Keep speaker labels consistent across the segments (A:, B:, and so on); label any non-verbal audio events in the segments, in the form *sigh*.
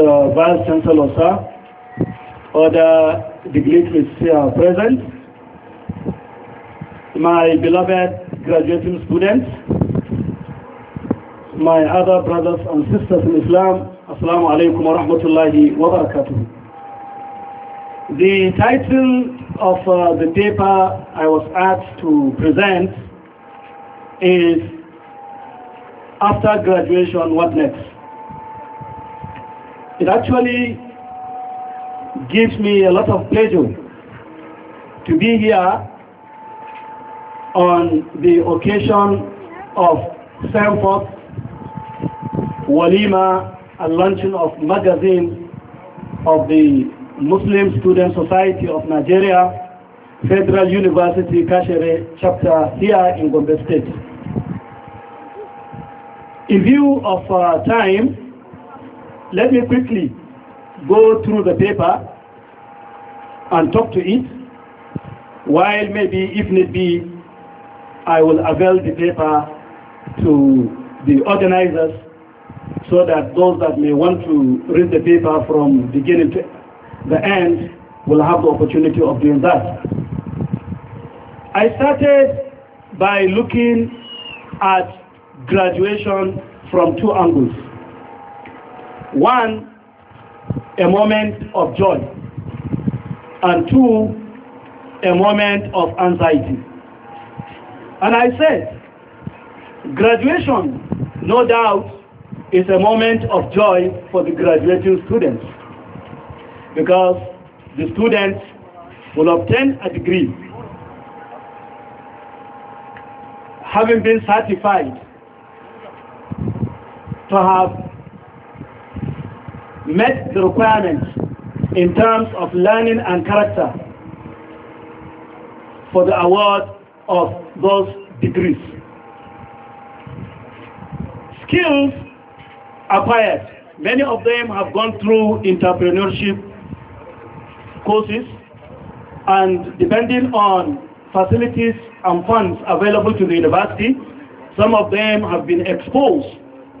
A: the Vice Chancellor,
B: sir, other dignitaries uh, present, my beloved graduating students, my other brothers and sisters in Islam, Assalamu alaikum wa rahmatullahi wa barakatuh. The title of uh, the paper I was asked to present is After Graduation, What Next? it actually gives me a lot of pleasure to be here on the occasion of Sanford Walima and launching of magazine of the Muslim Student Society of Nigeria Federal University Kashere chapter here in Gombe State. In view of uh, time, let me quickly go through the paper and talk to it, while maybe, if need be, I will avail the paper to the organizers so that those that may want to read the paper from beginning to the end will have the opportunity of doing that. I started by looking at graduation from two angles. One, a moment of joy. And two, a moment of anxiety. And I said, graduation, no doubt, is a moment of joy for the graduating students because the students will obtain a degree having been certified to have met the requirements in terms of learning and character for the award of those degrees. Skills acquired. Many of them have gone through entrepreneurship courses and depending on facilities and funds available to the university, some of them have been exposed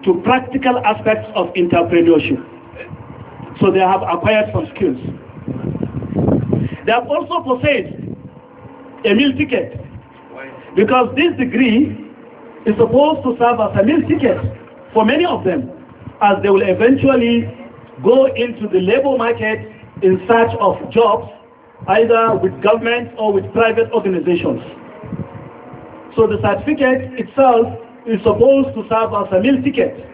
B: to practical aspects of entrepreneurship. So they have acquired some skills. They have also possessed a meal ticket because this degree is supposed to serve as a meal ticket for many of them as they will eventually go into the labor market in search of jobs either with government or with private organizations. So the certificate itself is supposed to serve as a meal ticket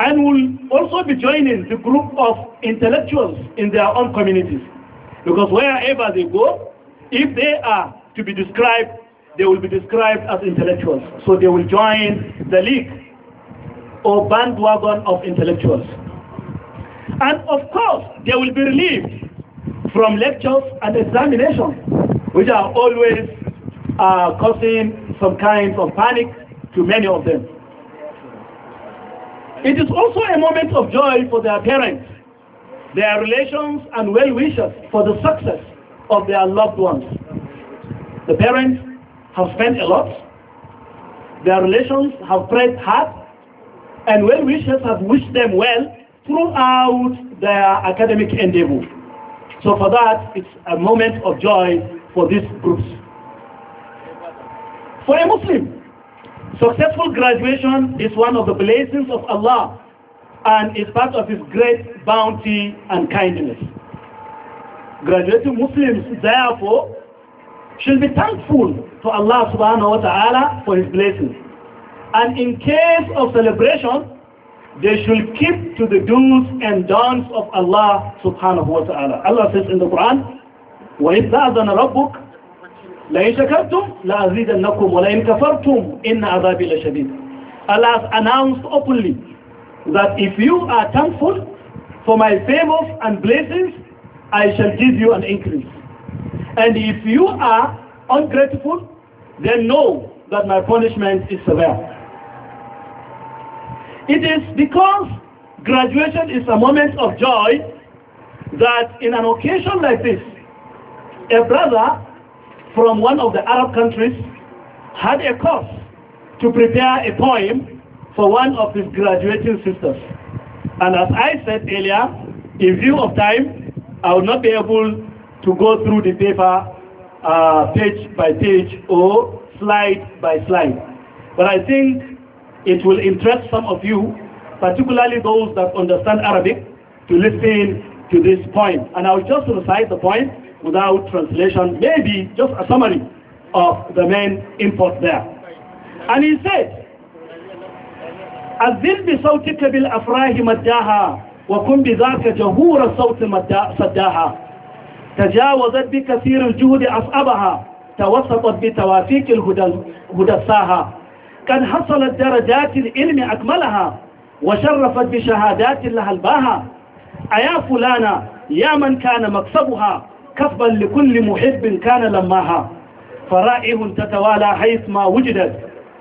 B: and will also be joining the group of intellectuals in their own communities. Because wherever they go, if they are to be described, they will be described as intellectuals. So they will join the league or bandwagon of intellectuals. And of course, they will be relieved from lectures and examinations, which are always uh, causing some kind of panic to many of them. It is also a moment of joy for their parents, their relations and well-wishers for the success of their loved ones. The parents have spent a lot. Their relations have prayed hard and well-wishers have wished them well throughout their academic endeavor. So for that, it's a moment of joy for these groups. For a Muslim, Successful graduation is one of the blessings of Allah and is part of His great bounty and kindness. Graduating Muslims, therefore, should be thankful to Allah subhanahu wa ta'ala for His blessings. And in case of celebration, they should keep to the do's and don'ts of Allah subhanahu wa ta'ala. Allah says in the Quran, وَإِذْ أَذَنَ رَبُّكَ لئن شكرتم لأزيدنكم ولئن كفرتم إن عذابي لشديد Allah has announced openly that if you are thankful for my favors and blessings, I shall give you an increase. And if you are ungrateful, then know that my punishment is severe. It is because graduation is a moment of joy that in an occasion like this, a brother from one of the Arab countries had a course to prepare a poem for one of his graduating sisters. And as I said earlier, in view of time, I will not be able to go through the paper uh, page by page or slide by slide. But I think it will interest some of you, particularly those that understand Arabic, to listen to this poem. And I will just recite the poem without translation maybe just a summary of the main import there. And he said. A zimbi sauti ƙabil a farahi madaha wa kumbi zaka jihura sauti saddaha. Ta ja wa zabi kafirin jude asabaha ta wassapawa zabi tawafiƙin hudasaha. Kan haskala daraja cikin ilimi akamalaha wa sharafan shahada cikin halbaha? A yafulana ya mankana maksabuha. كفا لكل محب كان لماها فرائه تتوالى حيث ما وجدت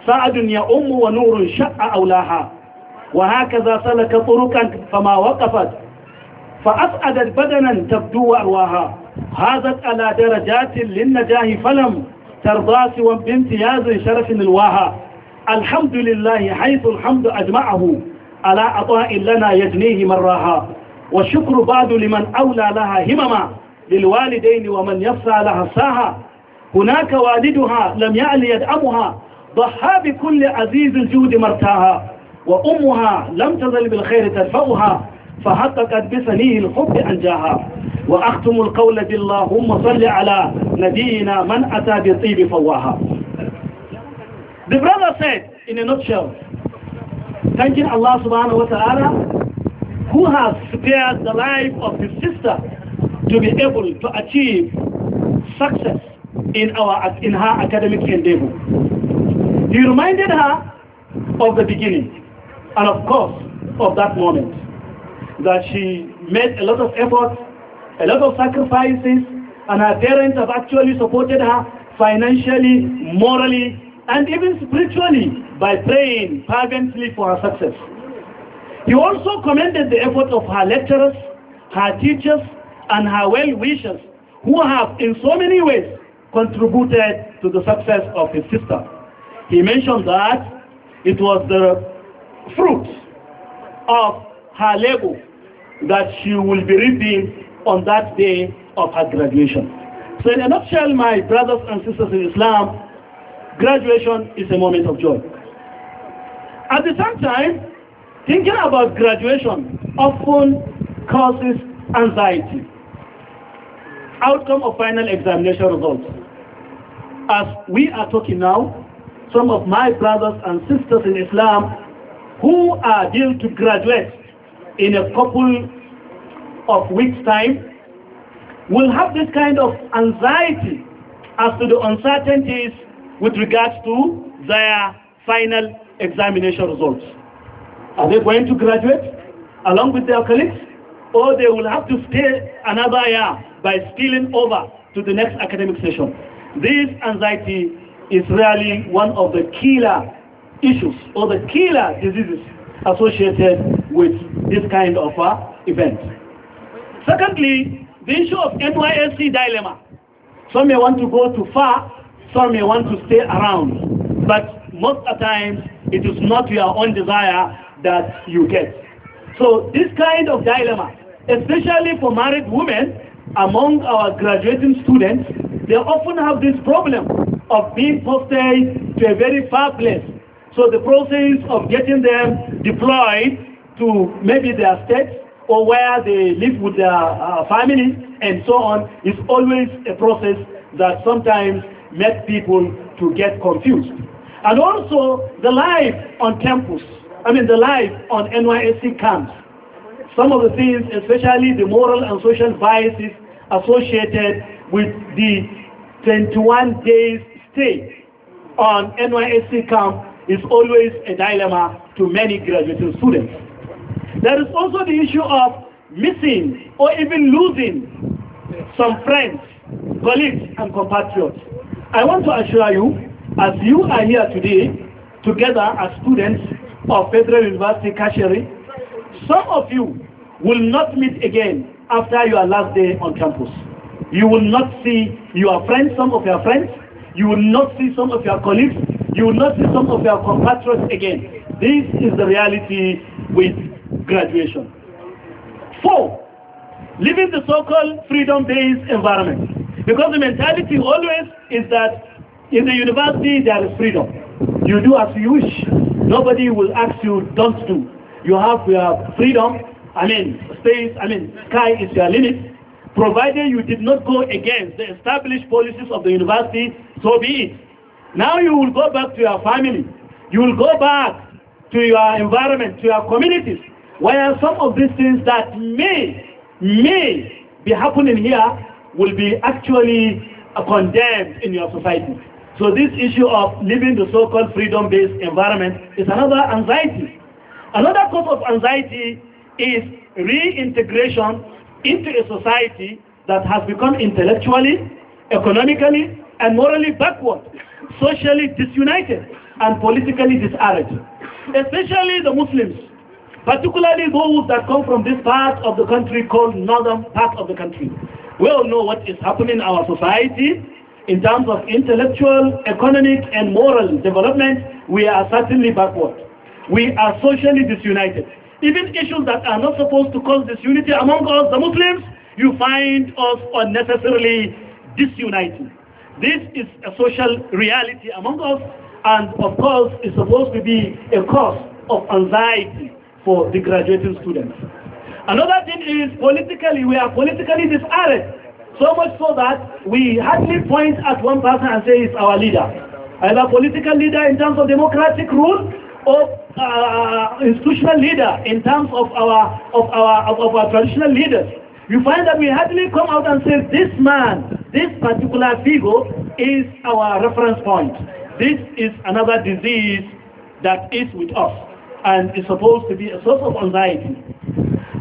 B: سعد يؤم ونور شاء أولاها وهكذا سلك طرقا فما وقفت فأسعدت بدنا تبدو أرواها هذت على درجات للنجاه فلم ترضى سوى بامتياز شرف الواها الحمد لله حيث الحمد أجمعه على أطاء لنا يجنيه مراها والشكر بعد لمن أولى لها همما للوالدين ومن لها ساها هناك والدها لم يعل يدعمها ضحى بكل عزيز الجود مرتاها وأمها لم تزل بالخير تدفعها فحققت بسنيه الحب أنجاها وأختم القول باللهم صل على نبينا من أتى بطيب فواها The brother said in a nutshell thanking Allah subhanahu wa ta'ala who has spared the life of his sister to be able to achieve success in, our, in her academic endeavor. He reminded her of the beginning and of course of that moment that she made a lot of effort, a lot of sacrifices and her parents have actually supported her financially, morally and even spiritually by praying fervently for her success. He also commended the effort of her lecturers, her teachers and her well-wishers who have in so many ways contributed to the success of his sister. He mentioned that it was the fruit of her labor that she will be reaping on that day of her graduation. So in a nutshell, my brothers and sisters in Islam, graduation is a moment of joy. At the same time, thinking about graduation often causes anxiety. outcome of final examination results. As we are talking now, some of my brothers and sisters in Islam who are due to graduate in a couple of weeks time will have this kind of anxiety as to the uncertainties with regards to their final examination results. Are they going to graduate along with their colleagues or they will have to stay another year by spilling over to the next academic session. This anxiety is really one of the killer issues or the killer diseases associated with this kind of uh, event. Secondly, the issue of NYSC dilemma. Some may want to go too far, some may want to stay around, but most of the times it is not your own desire that you get. So this kind of dilemma, especially for married women, among our graduating students, they often have this problem of being posted to a very far place. So the process of getting them deployed to maybe their states or where they live with their uh, families and so on is always a process that sometimes makes people to get confused. And also the life on campus, I mean the life on NYSC camps. Some of the things, especially the moral and social biases associated with the 21 days stay on NYSC camp is always a dilemma to many graduating students. There is also the issue of missing or even losing some friends, colleagues, and compatriots. I want to assure you, as you are here today, together as students of Federal University Kashiri, some of you will not meet again after your last day on campus. You will not see your friends, some of your friends. You will not see some of your colleagues. You will not see some of your compatriots again. This is the reality with graduation. Four, living the so-called freedom-based environment. Because the mentality always is that in the university there is freedom. You do as you wish. Nobody will ask you don't do. You have your freedom I mean, space. I mean, sky is your limit. Provided you did not go against the established policies of the university, so be it. Now you will go back to your family. You will go back to your environment, to your communities, where some of these things that may, may be happening here will be actually condemned in your society. So this issue of living the so-called freedom-based environment is another anxiety. Another cause of anxiety is reintegration into a society that has become intellectually, economically, and morally backward, socially disunited, and politically disarrayed. Especially the Muslims, particularly those that come from this part of the country called northern part of the country. We all know what is happening in our society in terms of intellectual, economic, and moral development. We are certainly backward. We are socially disunited. even issues that are not supposed to cause disunity among us, the Muslims, you find us unnecessarily disunited. This is a social reality among us, and of course, it's supposed to be a cause of anxiety for the graduating students. Another thing is politically, we are politically disarrayed, so much so that we hardly point at one person and say it's our leader. Either political leader in terms of democratic rule, of uh, institutional leader in terms of our, of our, of, of our traditional leaders. You find that we hardly come out and say, this man, this particular figure is our reference point. This is another disease that is with us and is supposed to be a source of anxiety.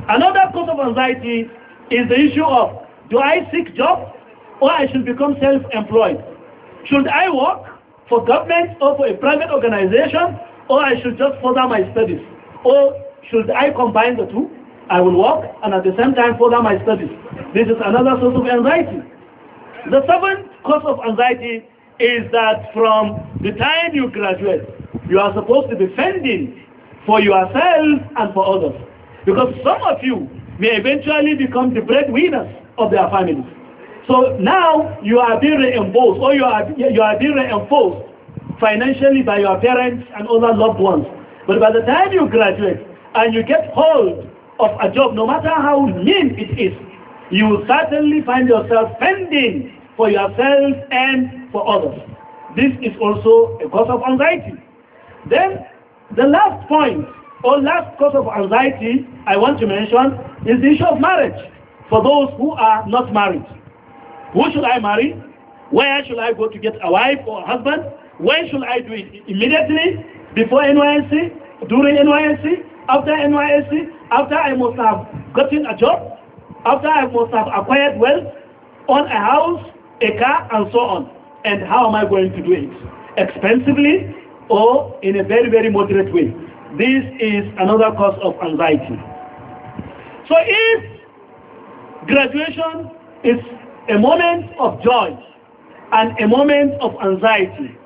B: Another source of anxiety is the issue of, do I seek job or I should become self-employed? Should I work for government or for a private organization or I should just further my studies? Or should I combine the two? I will work and at the same time further my studies. This is another source of anxiety. The seventh cause of anxiety is that from the time you graduate, you are supposed to be fending for yourself and for others. Because some of you may eventually become the breadwinners of their families. So now you are being reinforced or you are, you are being reinforced financially by your parents and other loved ones. But by the time you graduate and you get hold of a job, no matter how mean it is, you will certainly find yourself fending for yourself and for others. This is also a cause of anxiety. Then the last point or last cause of anxiety I want to mention is the issue of marriage for those who are not married. Who should I marry? Where should I go to get a wife or a husband? When should I do it? Immediately? Before NYSC? During NYSC? After NYSC? After I must have gotten a job? After I must have acquired wealth? Own a house? A car? And so on. And how am I going to do it? Expensively? Or in a very, very moderate way? This is another cause of anxiety. So if graduation is a moment of joy and a moment of anxiety,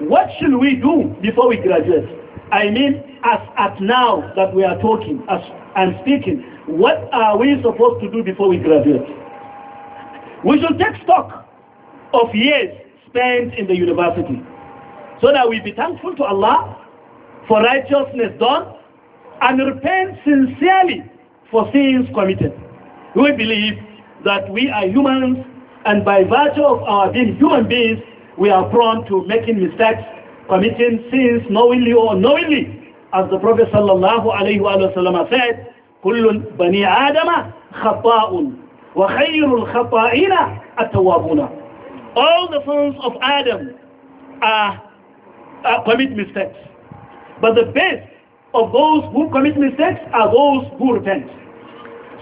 B: What should we do before we graduate? I mean, as at now that we are talking, as I'm speaking, what are we supposed to do before we graduate? We should take stock of years spent in the university so that we be thankful to Allah for righteousness done and repent sincerely for sins committed. We believe that we are humans and by virtue of our being human beings, we are prone to making mistakes, committing sins knowingly or unknowingly. As the Prophet sallallahu alayhi wa said, كل بني آدم خطاء وخير الخطائين التوابون All the sons of Adam are, are commit mistakes. But the best of those who commit mistakes are those who repent.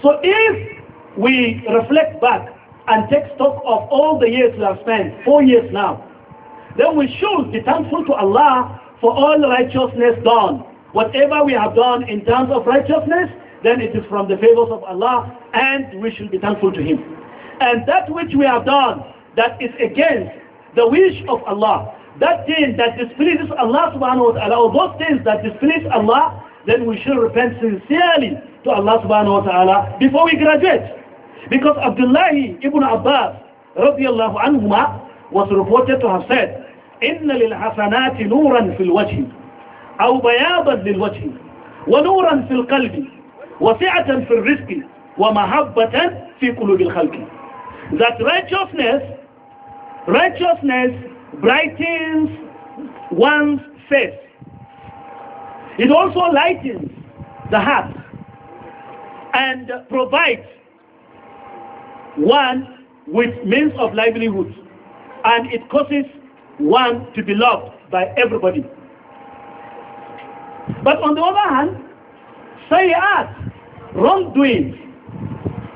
B: So if we reflect back and take stock of all the years we have spent, four years now. Then we should be thankful to Allah for all righteousness done. Whatever we have done in terms of righteousness, then it is from the favors of Allah and we should be thankful to Him. And that which we have done that is against the wish of Allah, that thing that displeases Allah subhanahu wa ta'ala, or those things that displease Allah, then we should repent sincerely to Allah subhanahu wa ta'ala before we graduate. Because Abdullah ibn Abbas radiallahu anhuma was reported to have said, إِنَّ لِلْحَسَنَاتِ نُورًا فِي الْوَجْهِ أَوْ بَيَابًا لِلْوَجْهِ ونورا في القلب وسعة في الرزق ومحبة في قلوب الخلق that righteousness righteousness brightens one's face it also lightens the heart and provides one with means of livelihood and it causes one to be loved by everybody. But on the other hand, say sayyat, wrongdoing,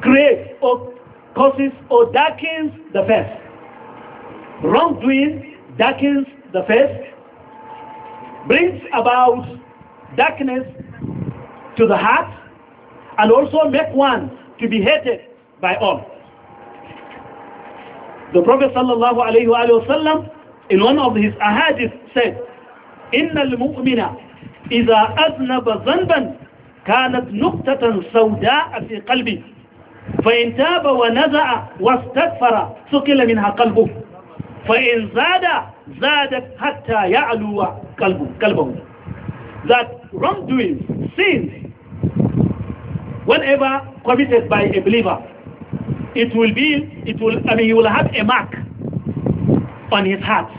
B: creates or causes or darkens the face. Wrongdoing darkens the face, brings about darkness to the heart, and also make one to be hated by all. The Prophet sallallahu alayhi wa sallam in one of his ahadith said, إن المؤمن إذا أذنب ذنبا كانت نقطة سوداء في قلبه فإن تاب ونزع واستغفر سكل منها قلبه فإن زاد زادت حتى يعلو قلبه, قلبه. that wrongdoing, sin, whenever committed by a believer it will be, it will, I mean, you will have a mark on his heart,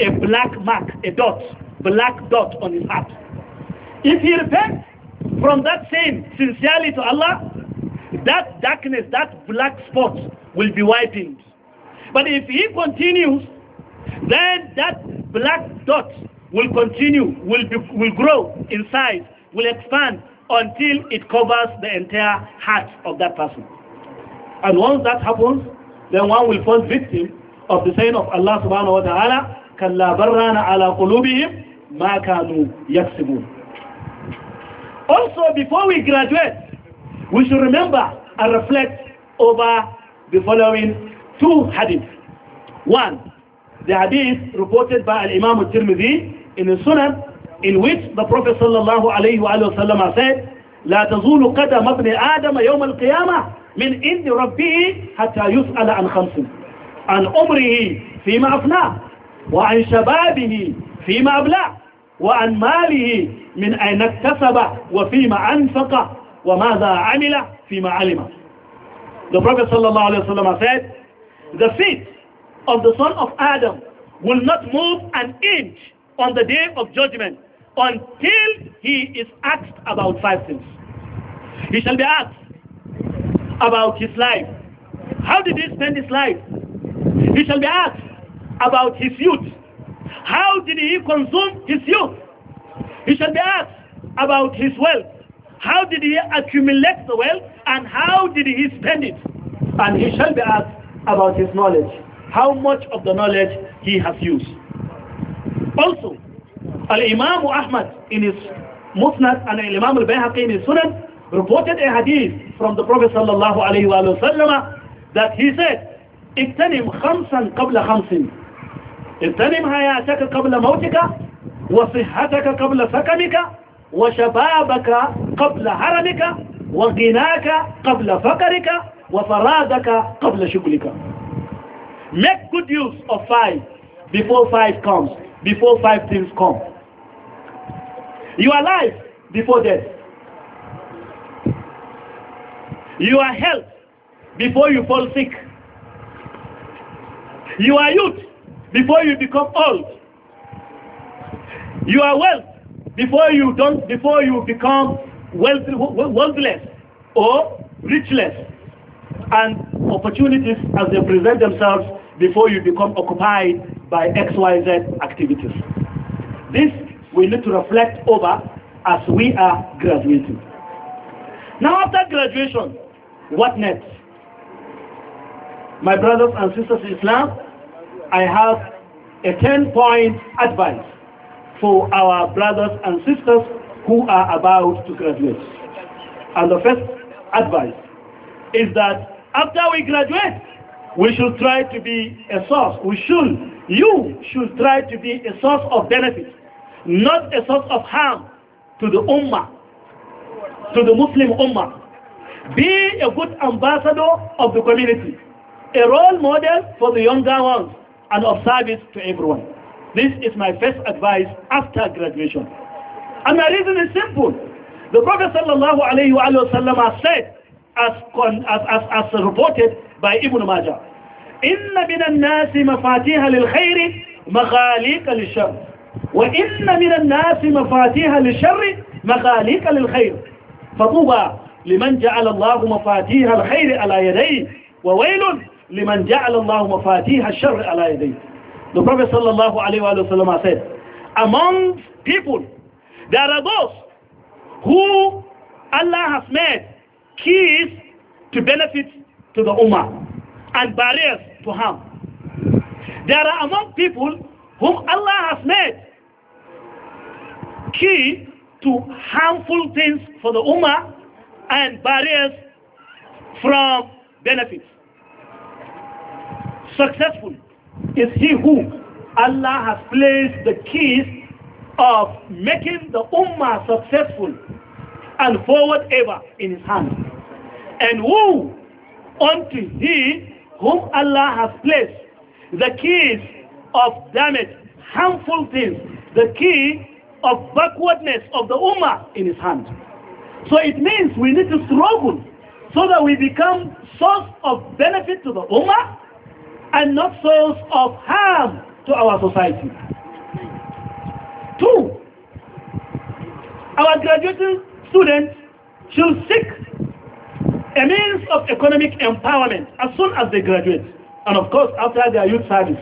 B: a black mark, a dot, black dot on his heart. If he repents from that sin sincerely to Allah, that darkness, that black spot will be widened. But if he continues, then that black dot will continue, will, be, will grow in size, will expand until it covers the entire heart of that person. And once that happens, then one will fall victim of the saying of Allah subhanahu wa ta'ala, كَلَّا بَرَّانَ عَلَىٰ قُلُوبِهِمْ مَا كَانُوا يَكْسِبُونَ Also, before we graduate, we should remember and reflect over the following two hadiths. One, the hadith reported by Al-Imam al-Tirmidhi in the Sunan, in which the Prophet sallallahu alayhi wa sallam said, لا تزول قدم ابن آدم يوم القيامة من عند ربه حتى يسأل عن خمس عن عمره فيما أفناه وعن شبابه فيما أبلاه وعن ماله من أين اكتسب وفيما أنفق وماذا عمل فيما علم The Prophet وسلم said, The feet of the son of Adam will not move an inch on the day of judgment until he is asked about five things. He shall be asked about his life. How did he spend his life? He shall be asked about his youth. How did he consume his youth? He shall be asked about his wealth. How did he accumulate the wealth and how did he spend it? And he shall be asked about his knowledge. How much of the knowledge he has used. Also, Al-Imam Ahmad in his Musnad and Al-Imam Al-Bayhaqi in his Sunan reported a hadith from the Prophet sallallahu alayhi wa sallam that he said, "إِتَنِمْ خمسا قبل خمس إِتَنِمْ حياتك قبل موتك وصحتك قبل سكنك وشبابك قبل هرمك وغناك قبل فقرك وفرادك قبل شغلك Make good use of five before five comes, before five things come. Your life before death. You are health before you fall sick. You are youth before you become old. You are wealth before you don't before you become wealthless or richless. And opportunities as they present themselves before you become occupied by XYZ activities. This we need to reflect over as we are graduating. Now after graduation, What next? My brothers and sisters in Islam, I have a 10-point advice for our brothers and sisters who are about to graduate. And the first advice is that after we graduate, we should try to be a source. We should, you should try to be a source of benefit, not a source of harm to the Ummah, to the Muslim Ummah. Be a good ambassador of the community, a role model for the younger ones, and of service to everyone. This is my first advice after graduation. And my reason is simple. The Prophet sallallahu alayhi wa sallam has said, as, as, as, as reported by Ibn Majah, إِنَّ من النَّاسِ مَفَاتِيهَ لِلْخَيْرِ مَغَالِيكَ لِلْشَرِّ وَإِنَّ مِنَ النَّاسِ مَفَاتِيهَ لِلْشَرِّ مَغَالِيكَ لِلْخَيْرِ فَطُوبَى لمن جعل الله مفاتيح الخير على يديه وويل لمن جعل الله مفاتيح الشر على يديه The Prophet sallallahu alayhi wa sallam said, among people, there are those who Allah has made keys to benefit to the Ummah and barriers to harm. There are among people whom Allah has made key to harmful things for the Ummah and barriers from benefits. Successful is he who Allah has placed the keys of making the Ummah successful and forward ever in his hand. And who unto he whom Allah has placed the keys of damage, harmful things, the key of backwardness of the Ummah in his hand. So it means we need to struggle so that we become source of benefit to the Ummah and not source of harm to our society. Two, our graduating students should seek a means of economic empowerment as soon as they graduate and of course after their youth service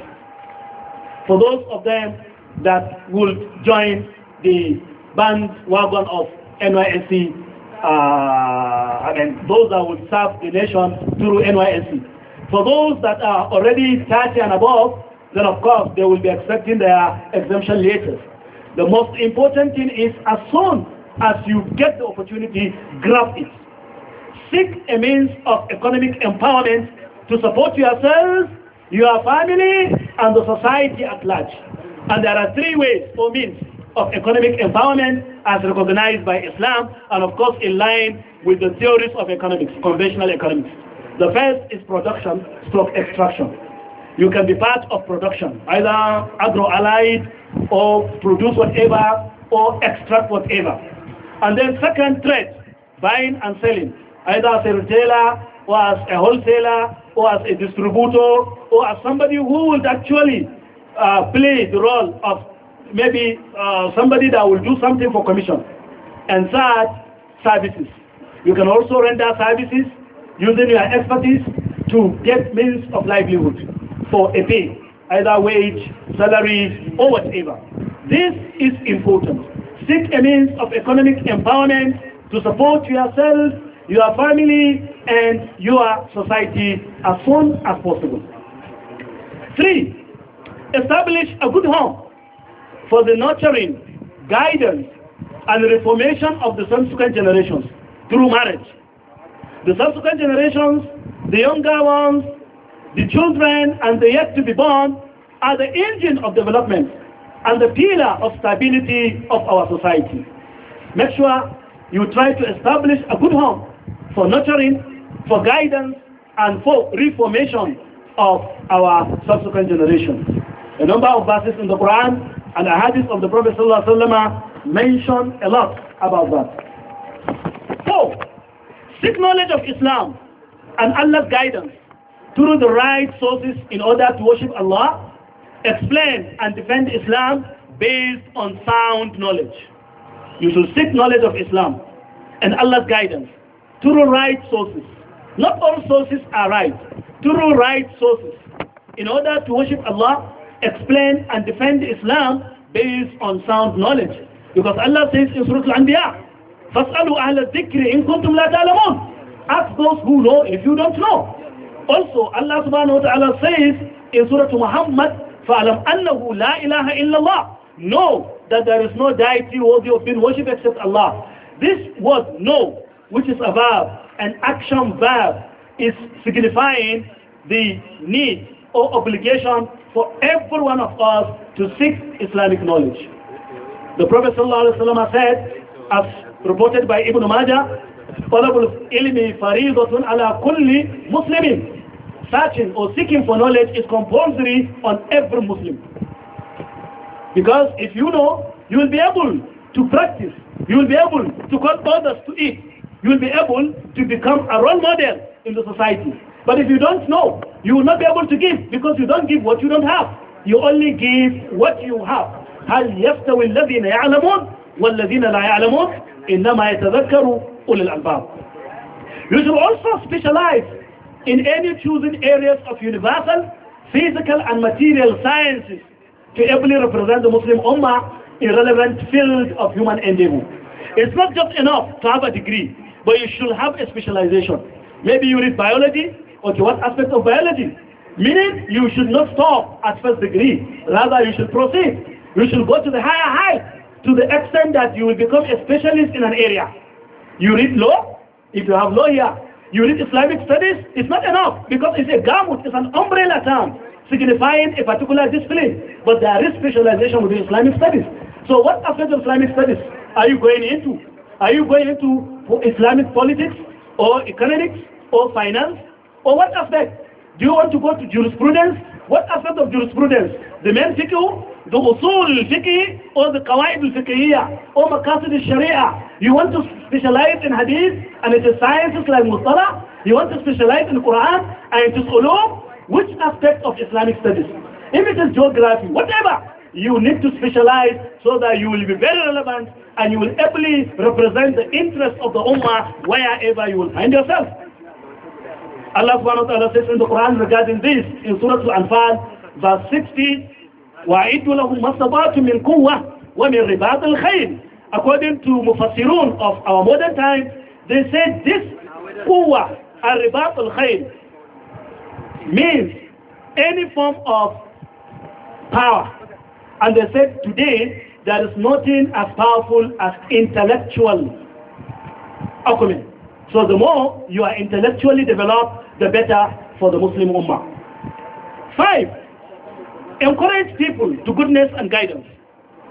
B: for those of them that would join the band wagon of NYSC uh, I mean, those that will serve the nation through NYSC. For those that are already 30 and above, then of course they will be accepting their exemption letters. The most important thing is as soon as you get the opportunity, grab it. Seek a means of economic empowerment to support yourself, your family, and the society at large. And there are three ways or means of economic empowerment as recognized by Islam and of course in line with the theories of economics, conventional economics. The first is production stock extraction. You can be part of production, either agro-allied or produce whatever or extract whatever. And then second trade, buying and selling, either as a retailer or as a wholesaler or as a distributor or as somebody who would actually uh, play the role of maybe uh, somebody that will do something for commission. And third, services. You can also render services using your expertise to get means of livelihood for a pay, either wage, salary, or whatever. This is important. Seek a means of economic empowerment to support yourself, your family, and your society as soon as possible. Three, establish a good home for the nurturing, guidance, and reformation of the subsequent generations through marriage. The subsequent generations, the younger ones, the children, and the yet to be born are the engine of development and the pillar of stability of our society. Make sure you try to establish a good home for nurturing, for guidance, and for reformation of our subsequent generations. A number of verses in the Quran and the hadith of the Prophet ﷺ mention a lot about that. So, seek knowledge of Islam and Allah's guidance through the right sources in order to worship Allah, explain and defend Islam based on sound knowledge. You should seek knowledge of Islam and Allah's guidance through right sources. Not all sources are right. Through right sources. In order to worship Allah, explain and defend Islam based on sound knowledge. Because Allah says in Surah Al-Anbiya, فَاسْأَلُوا أَهْلَ الذِّكْرِ إِن كُنْتُمْ لَا تَعْلَمُونَ Ask those who know if you don't know. Also, Allah subhanahu wa ta'ala says in Surah Muhammad, فَعَلَمْ أَنَّهُ لَا إِلَهَ إِلَّا اللَّهِ Know that there is no deity worthy of being worshipped except Allah. This word know, which is a verb, an action verb, is signifying the need or obligation for every one of us to seek Islamic knowledge. The Prophet ﷺ said, as reported by Ibn Majah, طلب العلم فريضة على Searching or seeking for knowledge is compulsory on every Muslim. Because if you know, you will be able to practice, you will be able to call others to it, you will be able to become a role model in the society. But if you don't know, you will not be able to give because you don't give what you don't have. You only give what you have. هل يستوي الذين يعلمون والذين لا يعلمون إنما يتذكر أولي الألباب. You should also specialize in any chosen areas of universal, physical and material sciences to ably represent the Muslim Ummah in relevant fields of human endeavor. It's not just enough to have a degree, but you should have a specialization. Maybe you read biology, Okay, what aspect of biology? Meaning you should not stop at first degree. Rather, you should proceed. You should go to the higher height to the extent that you will become a specialist in an area. You read law, if you have law here. You read Islamic studies, it's not enough because it's a gamut, it's an umbrella term signifying a particular discipline. But there is specialization within Islamic studies. So what aspect of Islamic studies are you going into? Are you going into Islamic politics or economics or finance or what aspect? Do you want to go to jurisprudence? What aspect of jurisprudence? The main fiqh, the usul al-fiqh, or the qawaid al-fiqhiyya, or maqasid al-sharia? You want to specialize in hadith, and it is sciences like mustala? You want to specialize in Quran, and it is ulum? Which aspect of Islamic studies? If it is geography, whatever, you need to specialize so that you will be very relevant and you will ably represent the interests of the Ummah wherever you will find yourself. Allah subhanahu wa ta'ala says in the Quran regarding this in Surah Al-Anfal, verse 60, وَعِدُّ لَهُمْ مَصَّبَاتُ مِنْ قُوَّةِ وَمِنْ رِبَاطِ الْخَيْرِ According to Mufassirun of our modern time, they said this quwwah, al-ribat al-khayr, means any form of power. And they said today, there is nothing as powerful as intellectual acumen. So the more you are intellectually developed, the better for the Muslim Ummah. Five, encourage people to goodness and guidance.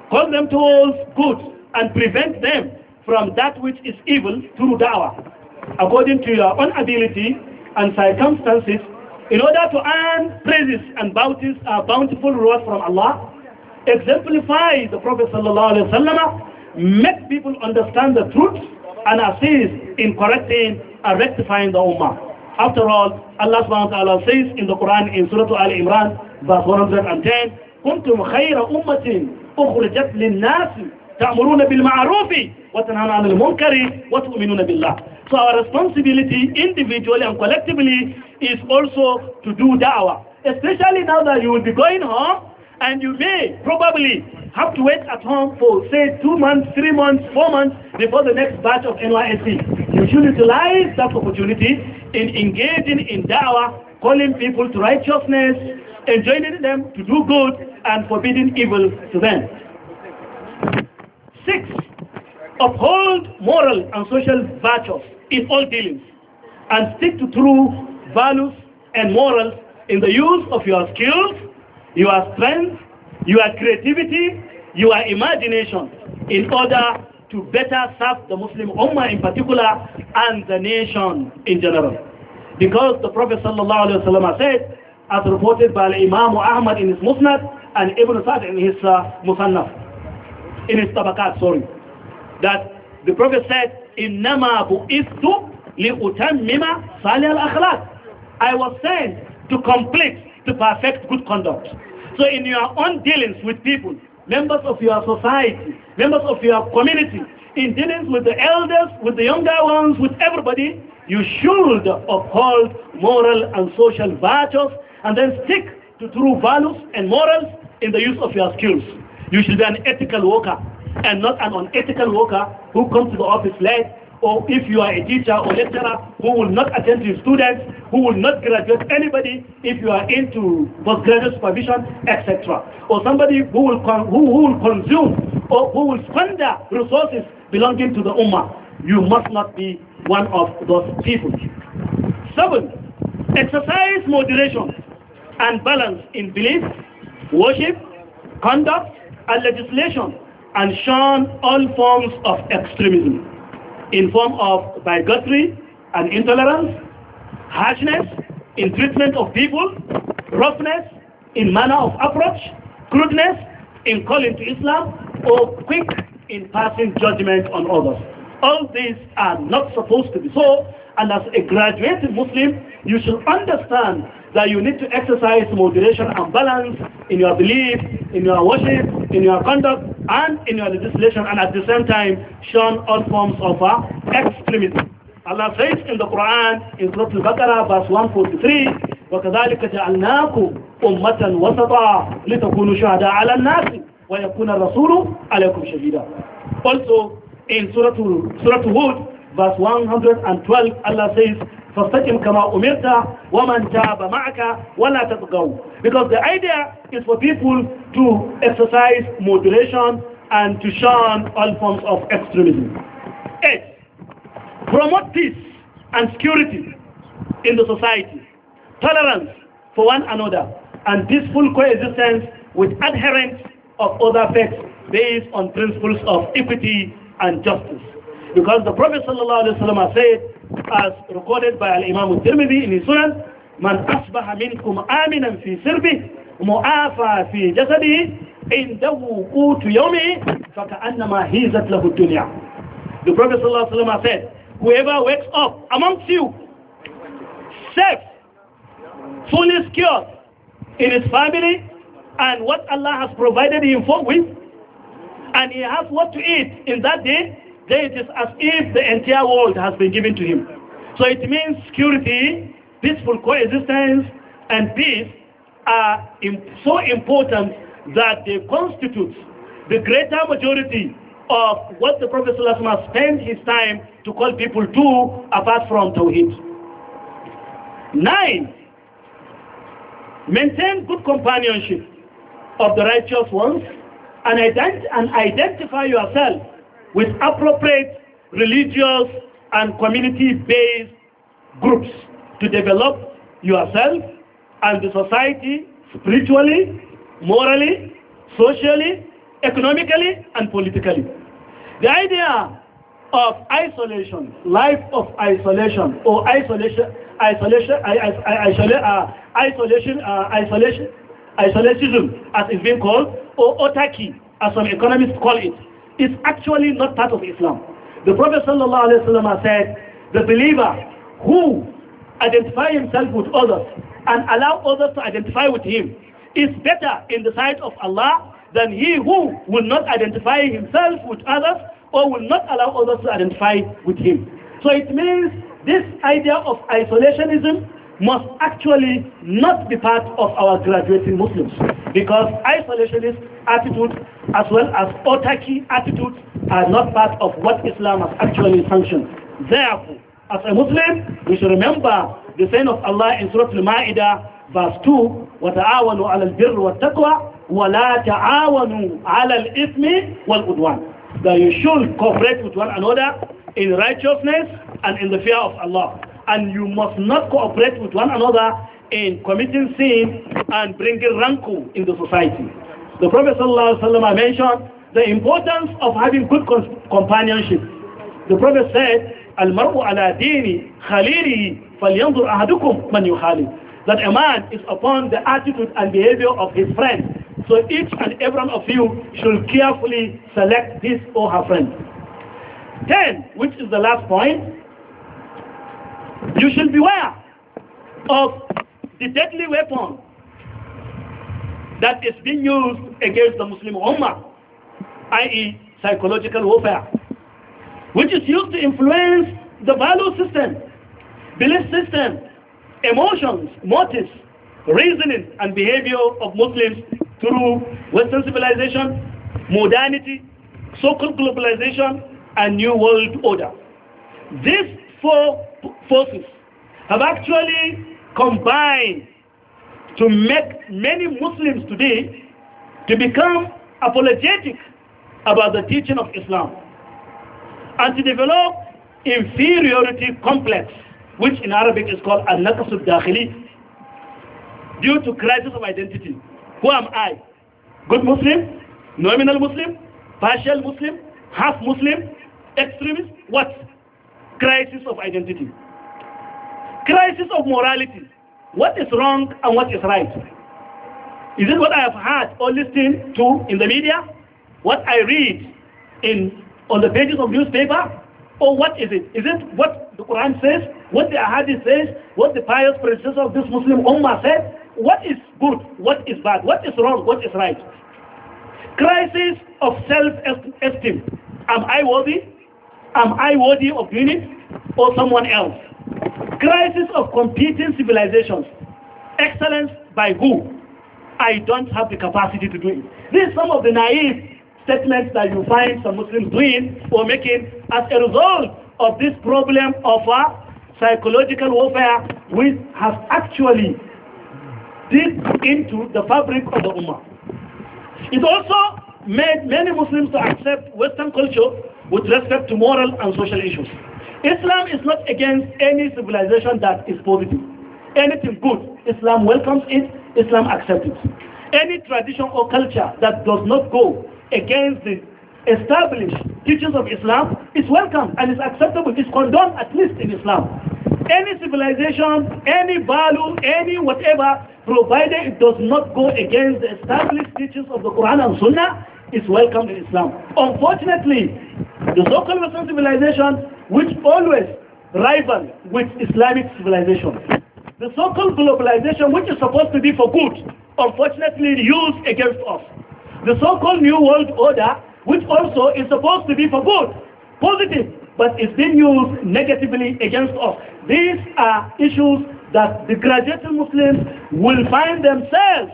B: Call them towards good and prevent them from that which is evil through da'wah, according to your own ability and circumstances, in order to earn praises and bounties, a uh, bountiful reward from Allah. Exemplify the Prophet ﷺ, make people understand the truth and assist in correcting and rectifying the Ummah. After all, Allah subhanahu wa ta'ala says in the Quran in Surah Al-Imran, verse 110, كنتم خير أمة أخرجت للناس تأمرون بالمعروف وتنهون عن المنكر وتؤمنون بالله. So our responsibility individually and collectively is also to do da'wah. Especially now that you will be going home and you may probably have to wait at home for say two months, three months, four months before the next batch of NYSC. You should utilize that opportunity in engaging in da'wah, calling people to righteousness, enjoining them to do good and forbidding evil to them. Six, uphold moral and social virtues in all dealings and stick to true values and morals in the use of your skills, your strength, your creativity, your imagination in order to better serve the Muslim Ummah in particular and the nation in general. Because the Prophet ﷺ said, as reported by Imam Ahmad in his Musnad and Ibn Sa'd in his uh, Musannaf, in his Tabakat, sorry, that the Prophet said, إِنَّمَا بُئِثْتُ لِأُتَمِّمَ al الْأَخْلَاقِ I was sent to complete, to perfect good conduct. So in your own dealings with people, members of your society, members of your community, in dealings with the elders, with the younger ones, with everybody, you should uphold moral and social virtues and then stick to true values and morals in the use of your skills. You should be an ethical worker and not an unethical worker who comes to the office late or if you are a teacher or lecturer who will not attend to students, who will not graduate anybody if you are into postgraduate supervision, etc. Or somebody who will, who, who will consume or who will spend the resources belonging to the Ummah. You must not be one of those people. Seven, exercise moderation and balance in belief, worship, conduct, and legislation, and shun all forms of extremism in form of bigotry and intolerance, harshness in treatment of people, roughness in manner of approach, crudeness in calling to Islam, or quick in passing judgment on others. All these are not supposed to be so, and as a graduated Muslim, you should understand that you need to exercise moderation and balance in your belief, in your worship, in your conduct, and in your legislation, and at the same time, shun all forms of uh, extremism. Allah says in the Quran, in Surah Al-Baqarah, verse 143, وَكَذَلِكَ جَعَلْنَاكُمْ أُمَّةً وَسَطًا لِتَكُونُوا شُهَدَاءَ عَلَى النَّاسِ وَيَكُونَ الرَّسُولُ عَلَيْكُمْ شَهِيدًا Also, in Surah, Surah Hud, verse 112 Allah says فاستقم كما أمرت ومن تاب معك ولا تطغوا because the idea is for people to exercise moderation and to shun all forms of extremism 8 promote peace and security in the society tolerance for one another and peaceful coexistence with adherents of other faiths based on principles of equity and justice because the Prophet ﷺ said, as recorded by Al-Imam al-Tirmidhi in his Sunan, من أصبح منكم آمنا في سربه in في جسده عنده yomi, يومه فكأنما هيزت له الدنيا The Prophet ﷺ said, whoever wakes up amongst you, safe, fully secure in his family and what Allah has provided him for with, and he has what to eat in that day, then it is as if the entire world has been given to him. So it means security, peaceful coexistence, and peace are so important that they constitute the greater majority of what the Prophet must spend his time to call people to apart from Tawheed. Nine, maintain good companionship of the righteous ones and, ident and identify yourself with appropriate religious and community-based groups to develop yourself and the society spiritually, morally, socially, economically, and politically. The idea of isolation, life of isolation, or isolation, isolation, isolation, uh, isolation, uh, isolation, isolationism, as it's been called, or autarky, as some economists call it, is actually not part of Islam. The Prophet sallallahu ﷺ said, the believer who identify himself with others and allow others to identify with him is better in the sight of Allah than he who will not identify himself with others or will not allow others to identify with him. So it means this idea of isolationism must actually not be part of our graduating Muslims because isolationist attitude as well as autarky attitude are not part of what Islam has actually sanctioned. Therefore, as a Muslim, we should remember the saying of Allah in Surah Al-Ma'idah verse 2, وَتَعَاوَنُوا عَلَى الْبِرِّ وَالتَّقْوَى وَلَا تَعَاوَنُوا عَلَى الْإِثْمِ وَالْعُدْوَانِ That you should cooperate with one another in righteousness and in the fear of Allah. and you must not cooperate with one another in committing sin and bringing rancor in the society. The Prophet ﷺ mentioned the importance of having good companionship. The Prophet said, Al-mar'u ala dini khalilihi falyanzur ahadukum man yukhalil. That a man is upon the attitude and behavior of his friend. So each and every one of you should carefully select his or her friend. Then, which is the last point, You should beware of the deadly weapon that is being used against the Muslim Ummah, i.e. psychological warfare, which is used to influence the value system, belief system, emotions, motives, reasoning, and behavior of Muslims through Western civilization, modernity, so-called globalization, and New World Order. This four forces have actually combined to make many Muslims today to become apologetic about the teaching of Islam and to develop inferiority complex, which in Arabic is called al nakasub dakhili, due to crisis of identity. Who am I? Good Muslim? Nominal Muslim? Partial Muslim? Half Muslim? Extremist? What? crisis of identity, crisis of morality. What is wrong and what is right? Is it what I have heard or listened to in the media? What I read in on the pages of newspaper? Or what is it? Is it what the Quran says? What the Ahadith says? What the pious princess of this Muslim Ummah said? What is good? What is bad? What is wrong? What is right? Crisis of self-esteem. Am I worthy? Am I worthy of doing it or someone else? Crisis of competing civilizations. Excellence by who? I don't have the capacity to do it. These some of the naive statements that you find some Muslims doing or making as a result of this problem of uh, psychological warfare which has actually deep into the fabric of the Ummah. It also made many Muslims to accept Western culture with respect to moral and social issues. Islam is not against any civilization that is positive. Anything good, Islam welcomes it, Islam accepts it. Any tradition or culture that does not go against the established teachings of Islam is welcome and is acceptable, is condoned at least in Islam. Any civilization, any value, any whatever, provided it does not go against the established teachings of the Quran and Sunnah, is welcomed in Islam. Unfortunately, the so-called Western civilization, which always rival with Islamic civilization, the so-called globalization, which is supposed to be for good, unfortunately used against us. The so-called New World Order, which also is supposed to be for good, positive, but is being used negatively against us. These are issues that the graduating Muslims will find themselves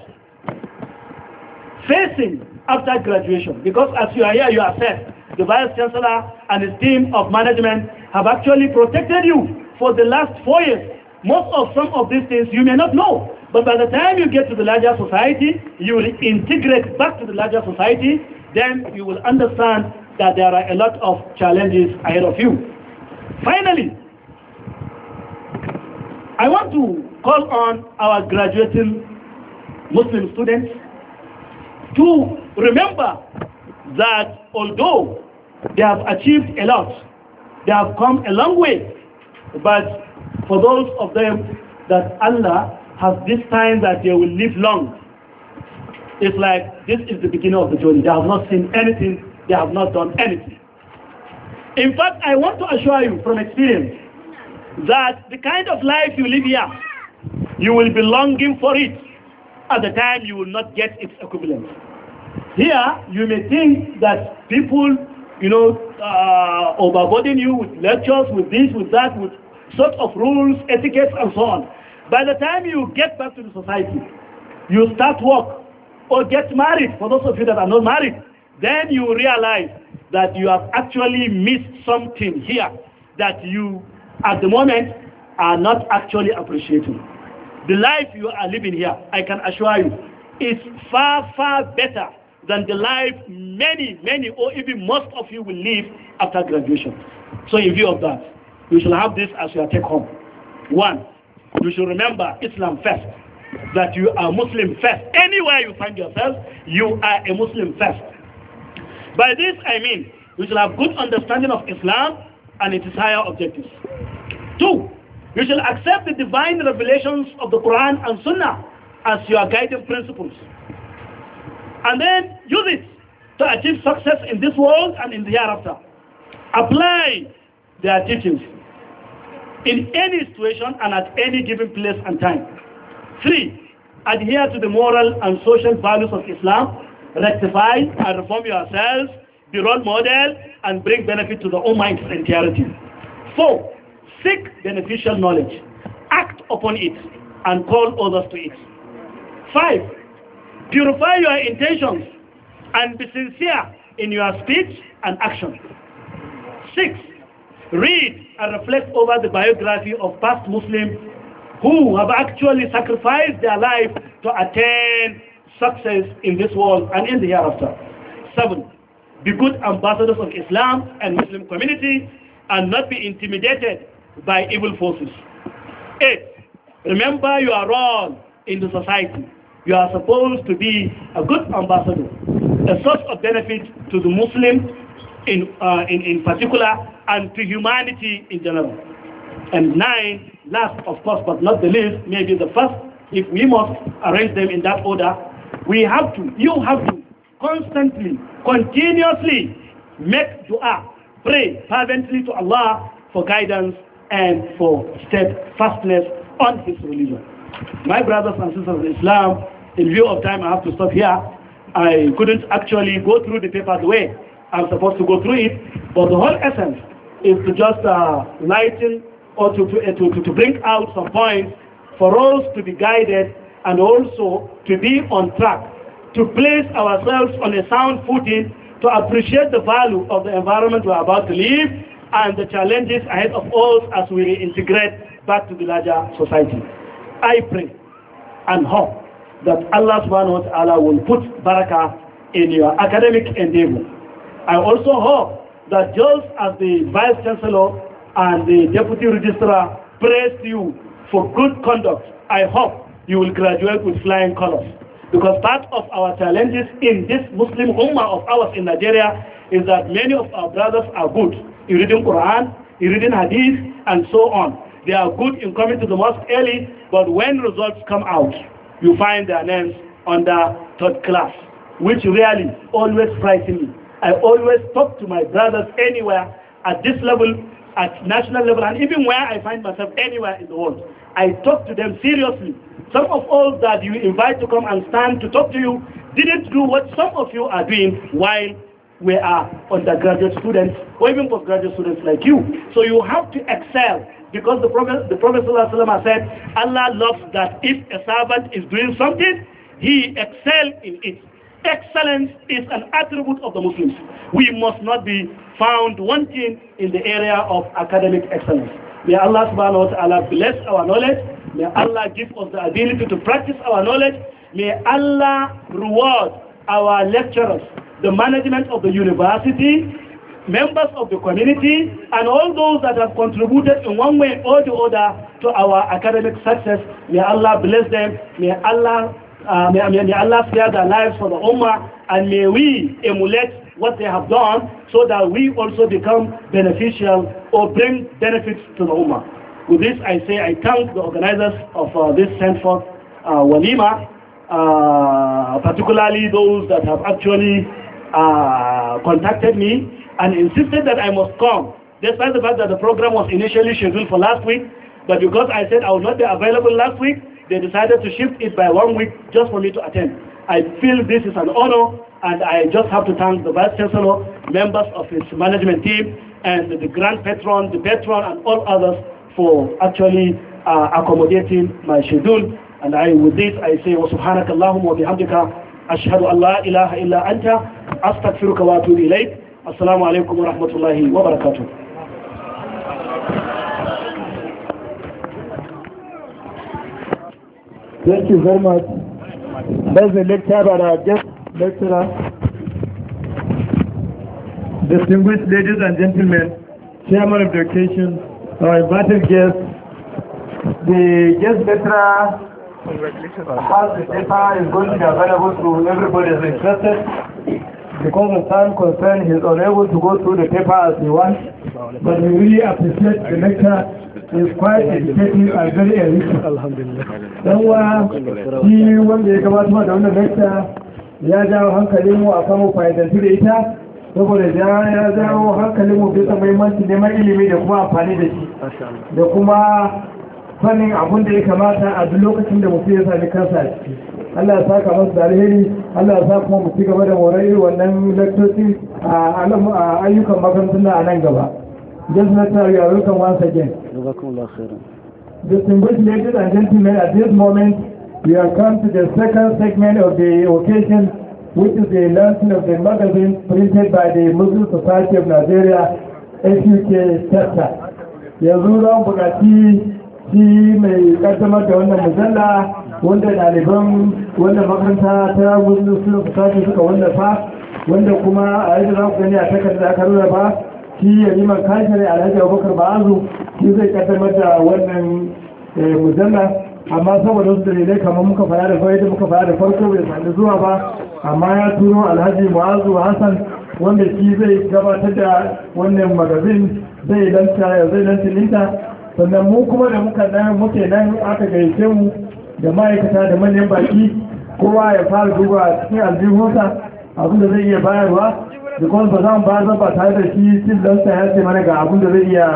B: facing after graduation because as you are here you are safe the vice chancellor and his team of management have actually protected you for the last four years most of some of these things you may not know but by the time you get to the larger society you will integrate back to the larger society then you will understand that there are a lot of challenges ahead of you finally I want to call on our graduating Muslim students to remember that although they have achieved a lot, they have come a long way, but for those of them that Allah has this time that they will live long, it's like this is the beginning of the journey. They have not seen anything, they have not done anything. In fact, I want to assure you from experience that the kind of life you live here, you will be longing for it at the time you will not get its equivalent. Here, you may think that people, you know, uh, overburden you with lectures, with this, with that, with sort of rules, etiquettes, and so on. By the time you get back to the society, you start work or get married, for those of you that are not married, then you realize that you have actually missed something here that you, at the moment, are not actually appreciating the life you are living here, I can assure you, is far, far better than the life many, many, or even most of you will live after graduation. So in view of that, you shall have this as your take home. One, you should remember Islam first, that you are Muslim first. Anywhere you find yourself, you are a Muslim first. By this I mean, you shall have good understanding of Islam and its higher objectives. Two, You shall accept the divine revelations of the Quran and Sunnah as your guiding principles. And then use it to achieve success in this world and in the hereafter. Apply their teachings in any situation and at any given place and time. Three, adhere to the moral and social values of Islam, rectify and reform yourselves, be role model, and bring benefit to the Almighty's entirety. Four, Seek beneficial knowledge. Act upon it and call others to it. Five, purify your intentions and be sincere in your speech and action. Six, read and reflect over the biography of past Muslims who have actually sacrificed their life to attain success in this world and in the hereafter. Seven, be good ambassadors of Islam and Muslim community and not be intimidated by evil forces. Eight, remember your role in the society. You are supposed to be a good ambassador, a source of benefit to the Muslim in, uh, in, in particular and to humanity in general. And nine, last of course but not the least, maybe the first, if we must arrange them in that order, we have to, you have to constantly, continuously make dua, pray fervently to Allah for guidance and for steadfastness on his religion. My brothers and sisters in Islam, in view of time, I have to stop here. I couldn't actually go through the paper the way I'm supposed to go through it, but the whole essence is to just uh, lighten or to, uh, to, to, to bring out some points for us to be guided and also to be on track, to place ourselves on a sound footing, to appreciate the value of the environment we're about to live, and the challenges ahead of us as we reintegrate back to the larger society. I pray and hope that Allah subhanahu wa ta'ala will put barakah in your academic endeavor. I also hope that just as the Vice Chancellor and the Deputy Registrar praised you for good conduct, I hope you will graduate with flying colors. Because part of our challenges in this Muslim Ummah of ours in Nigeria is that many of our brothers are good, you reading Quran, you reading Hadith, and so on. They are good in coming to the mosque early, but when results come out, you find their names under third class, which really always frightens me. I always talk to my brothers anywhere at this level, at national level, and even where I find myself anywhere in the world. I talk to them seriously. Some of all that you invite to come and stand to talk to you didn't do what some of you are doing while we are undergraduate students or even postgraduate students like you. So you have to excel because the Prophet, the Prophet has said, Allah loves that if a servant is doing something, he excel in it. Excellence is an attribute of the Muslims. We must not be found wanting in the area of academic excellence. May Allah subhanahu wa ta'ala bless our knowledge. May Allah give us the ability to practice our knowledge. May Allah reward our lecturers, the management of the university, members of the community, and all those that have contributed in one way or the other to our academic success. May Allah bless them. May Allah, uh, may, may, Allah spare their lives for the Ummah, and may we emulate what they have done so that we also become beneficial or bring benefits to the Ummah. With this, I say I thank the organizers of uh, this Sanford uh, Walima, uh, particularly those that have actually Uh, contacted me and insisted that I must come, despite the fact that the program was initially scheduled for last week. But because I said I would not be available last week, they decided to shift it by one week just for me to attend. I feel this is an honor, and I just have to thank the Vice Chancellor, members of his management team, and the Grand Patron, the Patron, and all others for actually uh, accommodating my schedule. And I, with this, I say, وَسُبْحَانَكَ اللَّهُمَّ bihamdika. ashadu Allah ilaha illa anta astaghfiruka wa atubu ilaik assalamu alaikum wa rahmatullahi wa barakatuh
A: Thank you very much. That's the lecture that our guest lecturer. Distinguished ladies and gentlemen, chairman of the occasion, our invited the guest lecturer because of time he is unable to go through the paper as he wants, but we really appreciate the lecture. is quite educated and very shi wanda ya gabata da wannan lecture ya jawo hankalin mu a samu fa'idanci da ita, saboda ya jawo hankalin mu bisa muhimmanci neman ilimi da kuma amfani da shi, da kuma sanin abun da ya kamata a duk lokacin da mutum ya sami kansa a ciki Allah ya saka masu da alheri Allah ya sa kuma mu ci gaba da morai wannan laktoci a ayyukan makarantun a nan gaba just let her you are welcome once again distinguished ladies and gentlemen at this moment we have come to the second segment of the occasion which is the launching of the magazine printed by the Muslim Society of Nigeria SUK chapter yanzu zan buƙaci shi mai kaddamar da wannan mujalla wanda daliban wanda makaranta ta gudun suna fusashi suka wallafa wanda kuma a yadda za ku gani a takardar aka ba shi ya yi man kashare alhaji abubakar ba'azu shi zai kaddamar da wannan eh, mujalla amma saboda wasu dalilai kamar muka fara da farko muka fara da farko bai sami zuwa ba amma ya turo alhaji mu'azu hassan wanda shi zai gabatar da wannan magazin zai lanta zai lanta sannan mu kuma da muka nan muke nan aka gaishe mu da ma'aikata da manyan baki kowa ya fara duba cikin aljihunsa abinda zai iya bayarwa da kuma ba za mu bayar ba tare da shi cin lansa ya ce mana ga abinda zai iya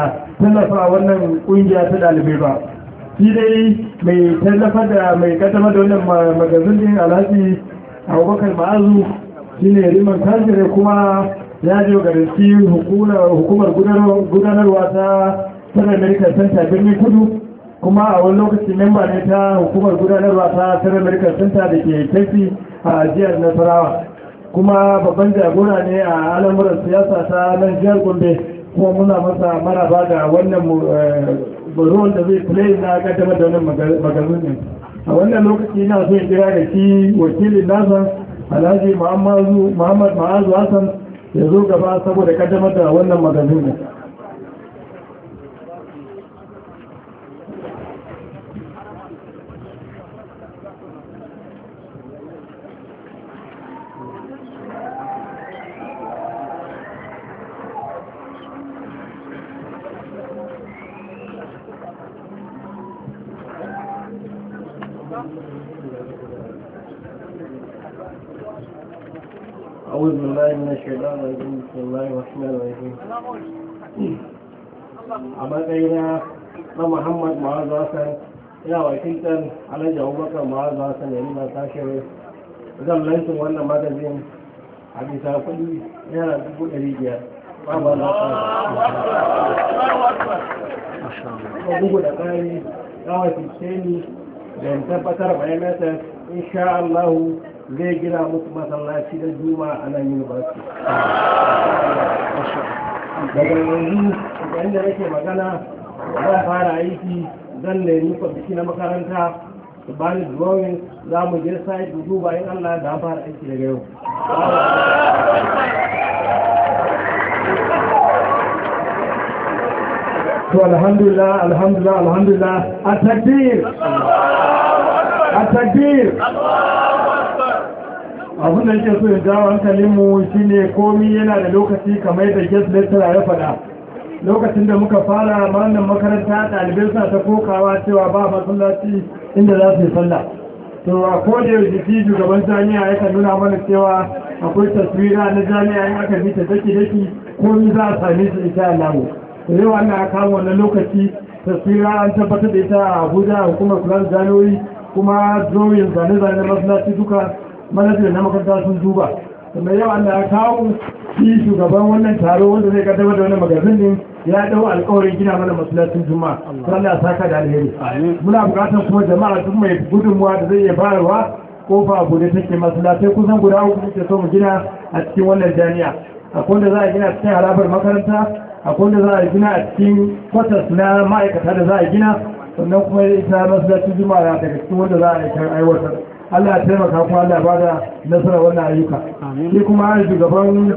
A: tallafa wannan kungiya ta dalibai ba shi dai mai tallafa da mai kaddama da wannan magazin din alhaji abubakar ma'azu shi ne riman tajire kuma ya je ga hukumar gudanarwa ta sanar american center birnin kudu kuma a wani lokaci memba ne ta hukumar gudanarwa ta sanar american center da ke tafi a jihar nasarawa kuma babban jagora ne a al'amuran siyasa ta nan jihar gombe kuma muna masa maraba da wannan eh, rol da zai play na kaddamar da wannan magazin ne a wannan lokaci na so in kira da shi wakilin nasa alhaji muhammad ma'azu hassan ya zo gaba saboda kaddamar da wannan magazin ne.
C: أعوذ بالله من الشيطان الرجيم بسم الله الرحمن الرحيم أما كينا محمد معاذ حسن يا وكيتن على جوابك معاذ حسن يعني ما تاشوي إذا لنت وانا ما تزين حديثا فلي يا رب قول أليجيا الله أكبر الله
D: أكبر ما شاء الله أبو قول
C: أقالي يا وكيتني
A: لن تبتر بعيناتك إن شاء الله zai gina musu masallaci da juma a nan Da daga yanzu yadda nake magana zan fara aiki zan nemi biki na makaranta su ba ni drawing za mu je sai da duba in allah da fara aiki daga yau to alhamdulillah alhamdulillah alhamdulillah a takbir a abin da yake so ya jawo hankalinmu shine komi yana da lokaci kamar da guest lecturer ya faɗa lokacin da muka fara wannan makaranta ɗalibai suna ta kokawa cewa ba masallaci inda za su yi sallah to a koda jiki shugaban jami'a ya nuna mana cewa akwai taswira na jami'a in aka bi ta daki daki komi za a same su insha Allah to yau an aka kama wannan lokaci taswira an tabbatar da ita a Abuja hukumar kula da jami'oi kuma yin zane-zane masallaci duka manajan na makaranta sun duba kuma yau Allah ya kawo shi shugaban wannan taro wanda zai kaddamar da wannan magazin din ya dawo alkawarin gina mana masallacin juma'a sai saka da alheri muna bukatar kuma jama'a duk mai gudunmuwa da zai iya bayarwa kofa bude take masallatai kusan guda uku muke so mu gina a cikin wannan jami'a akwai da za a gina cikin harabar makaranta akwai da za a gina a cikin kwatas na ma'aikata da za a gina sannan kuma ya isa masallacin juma'a daga cikin wanda za a aiwatar Allah ya taimaka kuma Allah ba da nasara wannan ayyuka shi kuma shugaban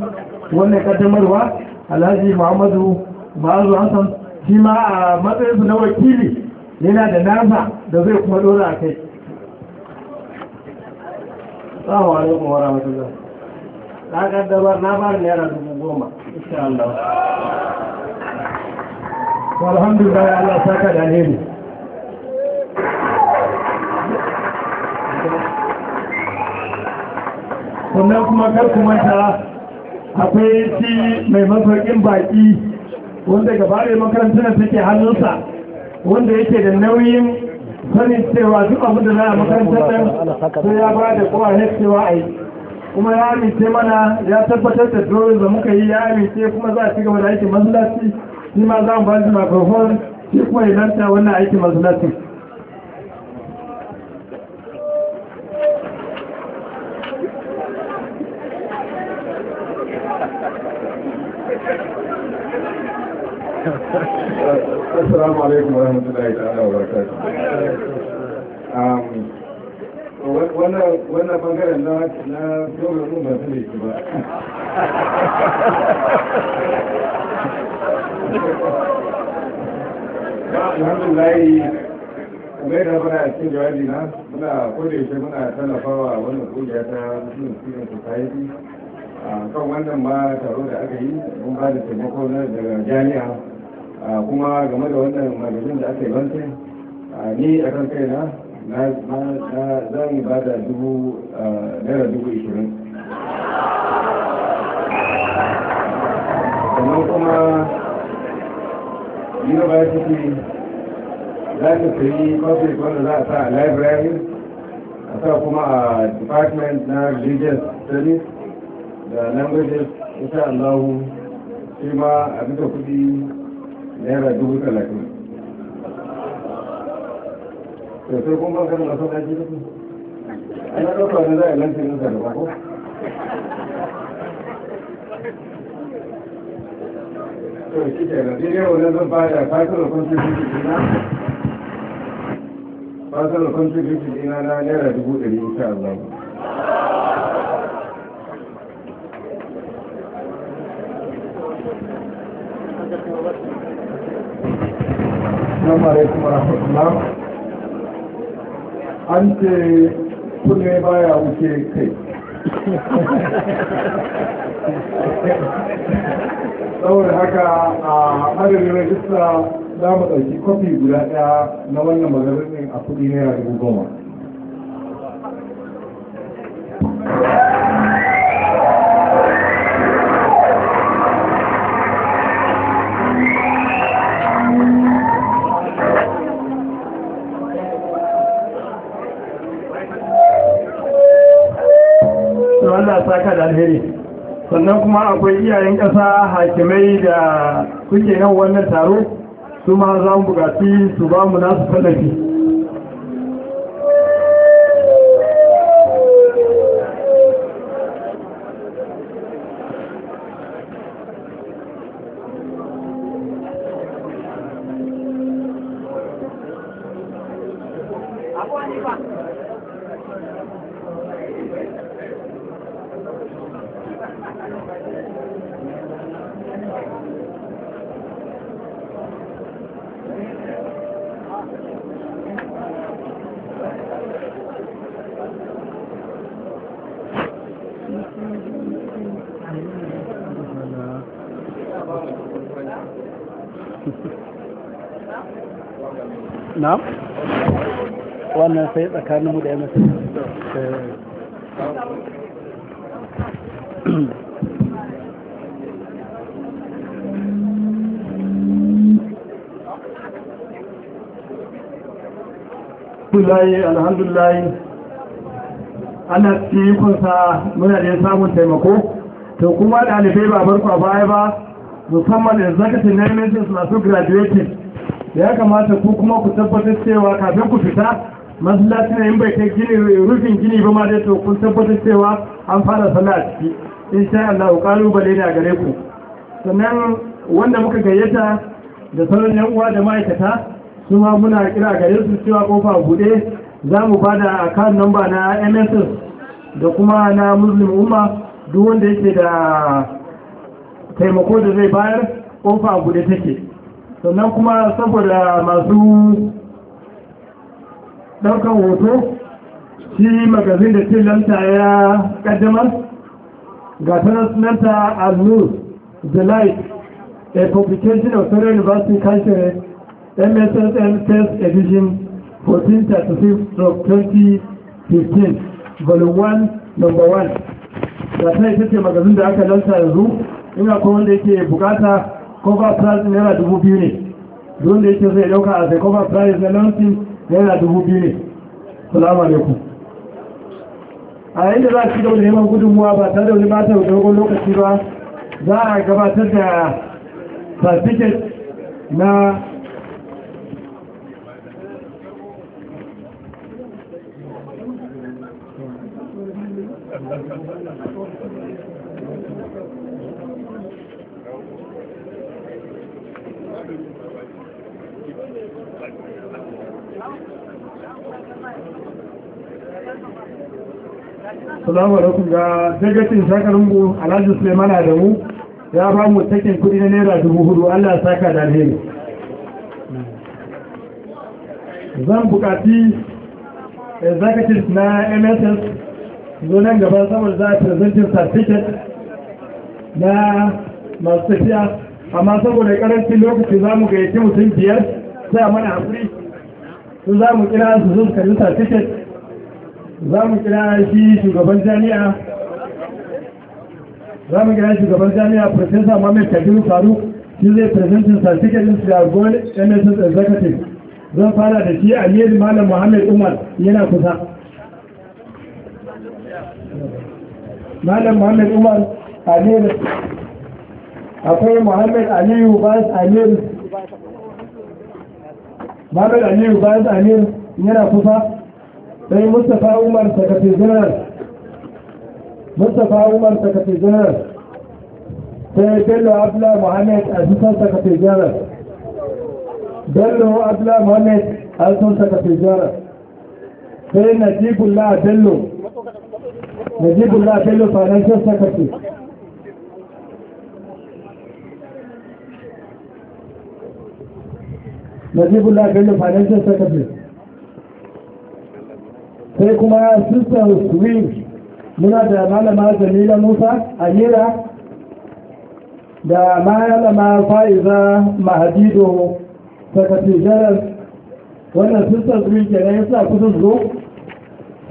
A: wannan kaddamarwa alhaji muhammadu ma'azu hassan shi ma a matsayinsu na wakili yana da nasa da zai kuma dora a kai salamu alaikum wa rahmatullah na kaddamar na ba naira dubu goma insha Allah alhamdulillah Allah saka da ne. sannan kuma kar ku manta akwai shi mai masaukin baki wanda gaba da makarantar da take hannunsa wanda yake da nauyin sanin cewa duk abin da za a makarantar nan sai ya ba da kowa cewa a yi kuma ya amince mana ya tabbatar da dole da muka yi ya amince kuma za a ci gaba da aikin masallaci shi ma za mu ba shi microphone shi kuma ya lanta wannan aikin masallaci
E: wa rahmatullahi um,
A: wannan bangaren na na dole mun ba
E: su laifi ba
D: alhamdulillah
E: kamar yadda muna a cikin jawabi na muna kodayaushe muna tallafawa wannan kungiya ta muslim student society a um, kan wannan ma taro da aka yi mun ba da taimako na daga jami'a kuma game da wannan magajin da aka yi bankin ni a kan kai na za mu ba da dubu naira dubu ishirin sannan kuma university za ta sayi public wanda za a sa a library a sa kuma a department na religious studies da languages insha Allah shi ma a bisa kudi naira dubu talatin da sai
A: kuma kan masu daji da su ana ɗauka da za a lantsa yin da
D: Ko to shi ke nan daidai wannan zan bada
E: fasirar contribution dina fasirar contribution dina na naira dubu ɗari insha Allah
A: Thank you. Assalamu alaikum wa An ce kunne baya wuce kai.
D: Saboda
E: haka a harin rajista za mu ɗauki kwafi guda ɗaya na wannan maganin a kuɗi naira dubu goma.
A: saka da alheri sannan kuma akwai iyayen ƙasa hakimai da kuke yan wannan taro su ma za mu bukaci su ba mu nasu tallafi
C: tsakaninmu da yamas
A: alhamdulahi ana kunsa muna da samun taimako to kuma ɗalibai ba barku a baya ba musamman executive na masu graduating ya kamata ku kuma ku tabbatar cewa kafin ku fita masallaci na in bai kai gini rufin gini ba ma dai to kun tabbatar cewa an fara sallah a ciki insha Allah bale ne a gare ku sannan wanda muka gayyata da sauran yan uwa da ma'aikata su ma muna kira gare su cewa kofa bude za mu ba da akan na MSS da kuma na Muslim Umma duk wanda yake da taimako da zai bayar kofa bude take sannan kuma saboda masu ɗaukan hoto shi magazin da ke lanta ya ƙaddamar ga lanta al-nur the light a publication of federal university culture mssn first edition 1436-2015 volume 1 number 1 ga ta ita ce magazin da aka lanta yanzu ina ko wanda yake bukata cover price naira dubu biyu ne wanda yake zai dauka a sai cover price na launching naira dubu biyu ne salamu alaikum a yayin da za a ci gaba da neman gudunmuwa ba tare da wani ba ta dogon lokaci ba za a gabatar da certificate na salamu alaikum ga dagacin sakarungu alhaji suleiman adamu ya ba mu takin kudi na naira dubu hudu allah saka da alheri zan bukaci executives eh, na mss zo nan gaba saboda za a presenting certificate na masu tafiya amma saboda karancin lokaci za mu gayyaci mutum biyar sai a mana haƙuri su za mu kira su zo su certificate za mu kira shi shugaban jami'a za mu kira shugaban jami'a professor mohamed kadiru faru shi zai presentin certificate in siyargon executive zan fara da shi aliyu malam mohamed umar yana kusa malam mohamed umar aliyu akwai mohamed aliyu bas aliyu mohamed aliyu bas aliyu yana kusa sai mustapha umar sakafi janar mustapha umar sakafi janar sai bello abla muhammad asusun sakafi janar bello abla muhammad asusun sakafi janar sai najibullah bello najibullah bello financial secretary najibullah bello financial secretary sai kuma sister swing muna da malama jamila musa amira da malama fa'iza mahadido sakatijarar wannan sister swing kenan ya sa kusan zo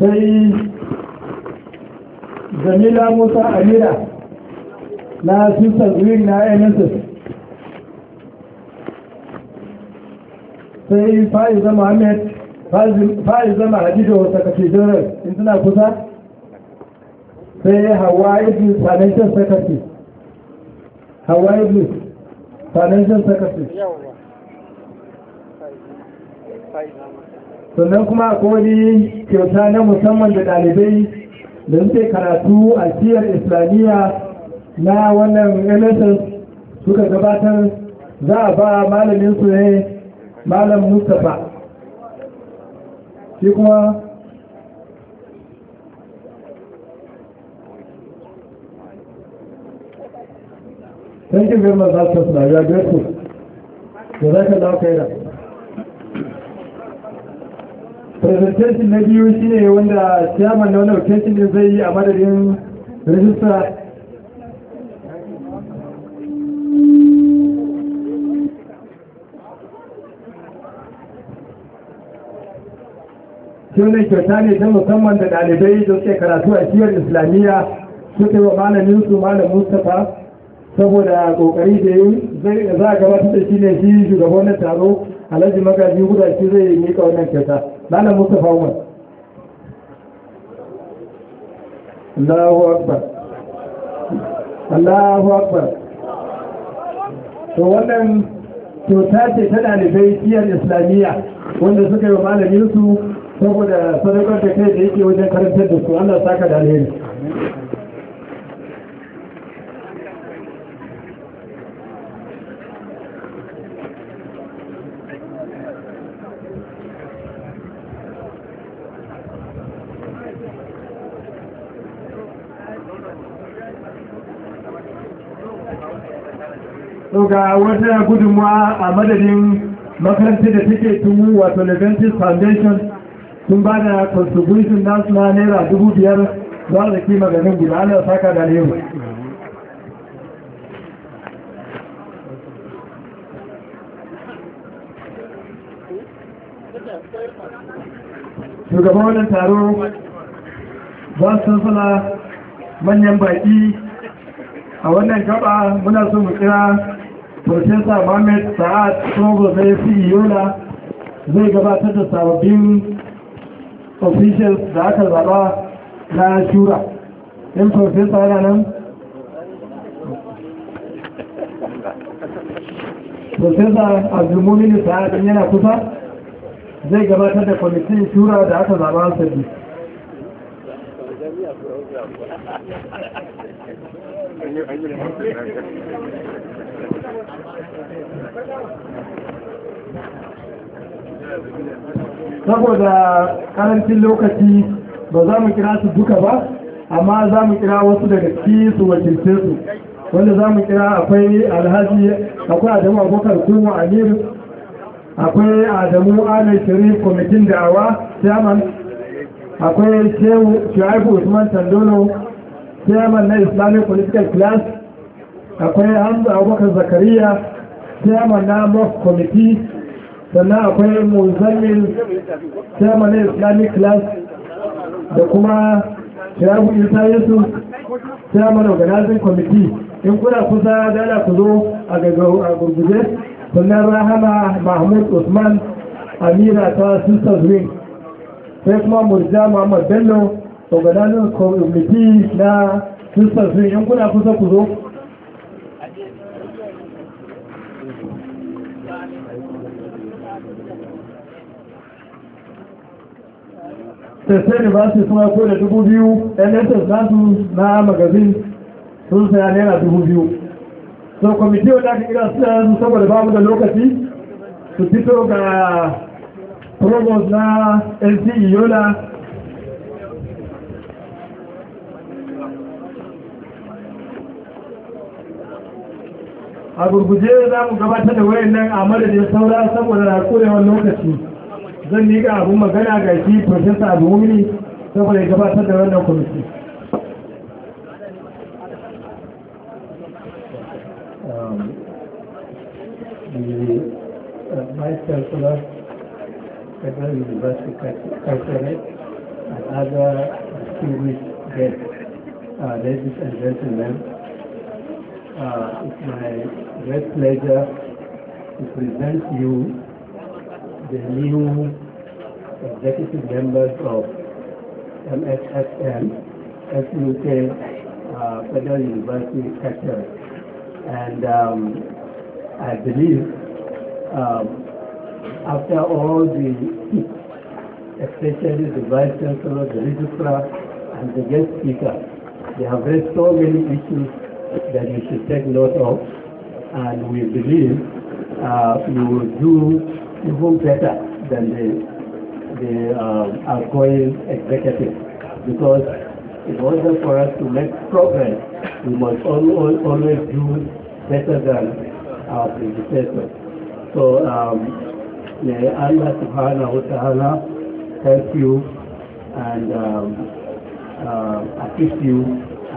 A: sai jamila musa amira na sister swing na mss sai fa'iza muhammad fa'il zama a jido wata kashe jirar in suna kusa sai hawa iblis financial secretary hawa iblis financial secretary sannan kuma akwai kyauta na musamman da ɗalibai da suke karatu a cikin islamiyya na wannan mss suka gabatar za a ba malamin su ne malam mustapha shi kuma thank you very much that's us now we are grateful jazakallahu khairan presentation na biyu shine wanda chairman na wannan presentation zai yi a madadin registrar sunan kyauta ne ta musamman da ɗalibai da suke karatu a kiyar islamiyya suka yi wa malamin su malam mustapha saboda kokari da yi za a gabatar da shi ne shi shugaban na taro alhaji magaji guda shi zai ka wannan kyauta malam mustapha umar Allahu akbar Allahu akbar to wannan kyauta ce ta ɗalibai kiyar islamiyya wanda suka yi wa malamin su saboda sadaukar da kai da yake wajen karantar da su Allah saka da alheri ga wata gudunmawa a madadin makarantar da take tun wato Leventis Foundation sun ba da contribution nasu na naira dubu biyar za da kima maganin guda ana saka da lewu shugaban wannan taro ba su manyan baƙi a wannan gaba muna so mu kira Profesa Mohamed Sa'ad Sobo zai fi yola zai gabatar da sababbin officials da aka zaba na shura in professor yana nan professor abdulmumin sa'adun yana kusa zai gabatar da kwamitin shura da aka zaba sabbi
D: Thank *laughs* you.
A: saboda karancin lokaci ba za mu kira su duka ba amma za mu kira wasu daga ciki su wakilce su wanda za mu kira akwai alhaji akwai adamu abokan kuma amir akwai adamu alai sharif kwamitin da'awa chairman akwai shehu shu'aibu usman tandono chairman na islamic political class akwai hamza abubakar zakariya chairman na mof committee sannan akwai muzallin chairman islamic class da kuma shirabu isa yusuf chairman organizing committee in kuna kusa dala ku zo a gurguje sannan rahama mahmud usman amira ta sisters wing sai kuma murja muhammad bello organizing committee na sisters wing in kuna kusa ku zo tattalin ba su suna ko da dubu biyu nss nasu na magazin sun saya naira dubu biyu so kwamiti wadda aka kira su yanzu saboda babu da lokaci su fito ga provost na lce yola a gurguje za mu gabata da wayan nan a madadin saura saboda na kurewar lokaci zan miƙa abin magana ga shi profesa abomini saboda ya gabatar da wannan kwamiti
C: um, uh, Vice Chancellor, Federal University Culturate, and other distinguished guests, uh, ladies and gentlemen, uh, it's my great pleasure to present you the new executive members of MSSM, SUK, uh, Federal University sector. And um, I believe um, after all the especially the Vice Chancellor, the Registrar, and the guest speaker, they have raised so many issues that you should take note of, and we believe uh, you will do even better than the, the uh, outgoing executive because in order for us to make progress, we must always, always do better than our predecessors. So um, may Allah subhanahu wa ta'ala help you and um, uh, assist you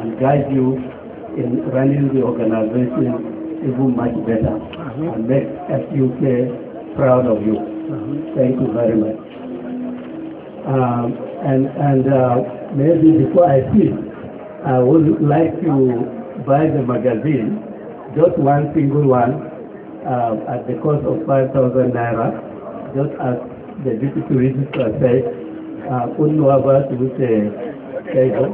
C: and guide you in running the organization even much better and make SUK proud of you. Thank you very much. Um, and and uh, maybe before I speak, I would like to buy the magazine, just one single one, uh, at the cost of 5,000 naira, just as the deputy registrar said, uh, to say, there you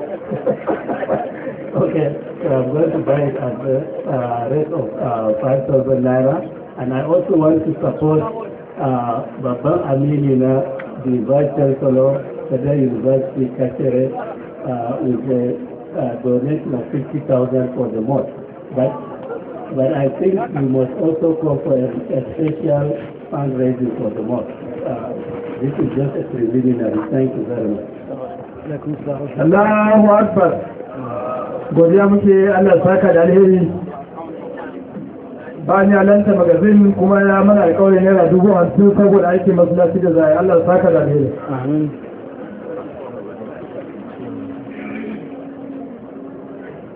C: okay, so I'm going to buy it at the uh, rate of uh, 5,000 naira. And I also want to support uh, Aminina, the Vice Chancellor, Federal University Kashere, uh, with a uh, donation of 50000 for the mosque. But, but I think we must also call for a, a special fundraising for the mosque. Uh, this is just a preliminary. Thank you very much.
A: Allahu Akbar. Godiya muke Allah saka da alheri. ba a lanta magazin kuma ya mana alƙawarin naira dubu hamsin saboda aiki lafi da zai Allah saka da ne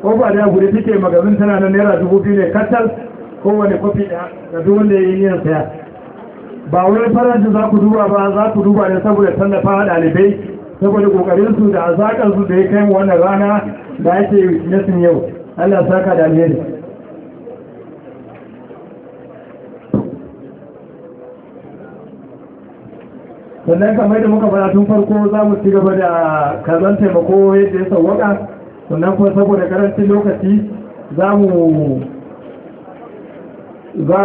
A: ko ba da gure take magazin tana nan naira dubu biyu ne katal kowane kofi da ga duk wanda yi niyyar saya ba wani farajin za ku duba ba za ku duba ne saboda tallafa ɗalibai saboda kokarin su da azakan su da ya kai wannan rana da ake nasin yau Allah saka da alheri sannan kamar da muka fara tun farko za mu ci gaba da kazan taimako yadda ya sauwaka sannan kuma saboda karancin lokaci za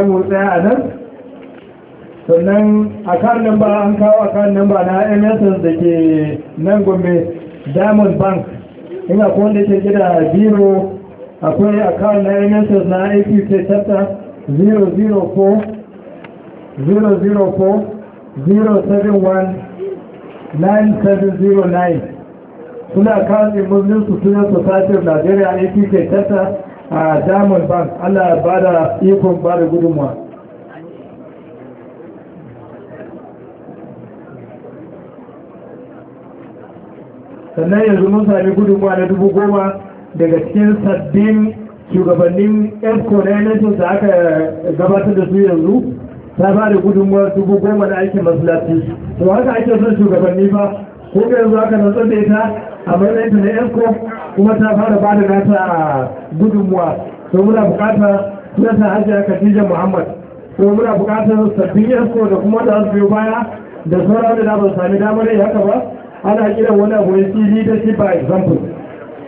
A: mu tsaya a nan sannan a kan namba an kawo a kan namba na msn da ke nan gombe diamond bank ina ko wanda ke gida biro akwai a kan na msn na apk chapter 004 004 071-9709 suna kawai muslim su suna society of nigeria apk tata a diamond bank allah ba da ikon ba da gudunmuwa sannan yanzu mun sami gudunmuwa na dubu goma daga cikin sabbin shugabannin esco na yanayin da aka gabatar da su yanzu ta ba da gudunmuwar dubu goma da aikin masallaci to haka ake son shugabanni ba ko ga yanzu aka rantsar da ita a matsayin ta na yanko kuma ta fara ba da nata gudunmuwa to muna bukatar sunanta hajiya khadija muhammad to muna bukatar sabbin yanko da kuma da biyu baya da sauran na ba sami damar yi haka ba ana kiran wani abu ya cd ta by example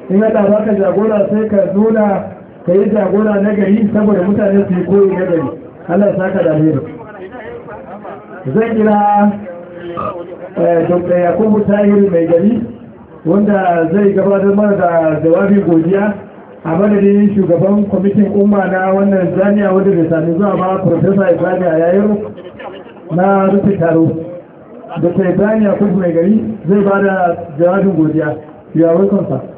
A: in ka ba ka jagora sai ka nuna ka yi jagora na gari saboda mutane su yi koyi na gari Allah ya saka da alheri zai kira eh, Dr. Yakubu Tahir mai gari wanda zai gabatar mana da jawabin godiya a madadin shugaban kwamitin umma na wannan jami'a wanda bai sami zuwa ba Profesa Ibrahim Ayayo na rufe taro. Dr. Ibrahim Yakubu mai gari zai ba da jawabin godiya. You are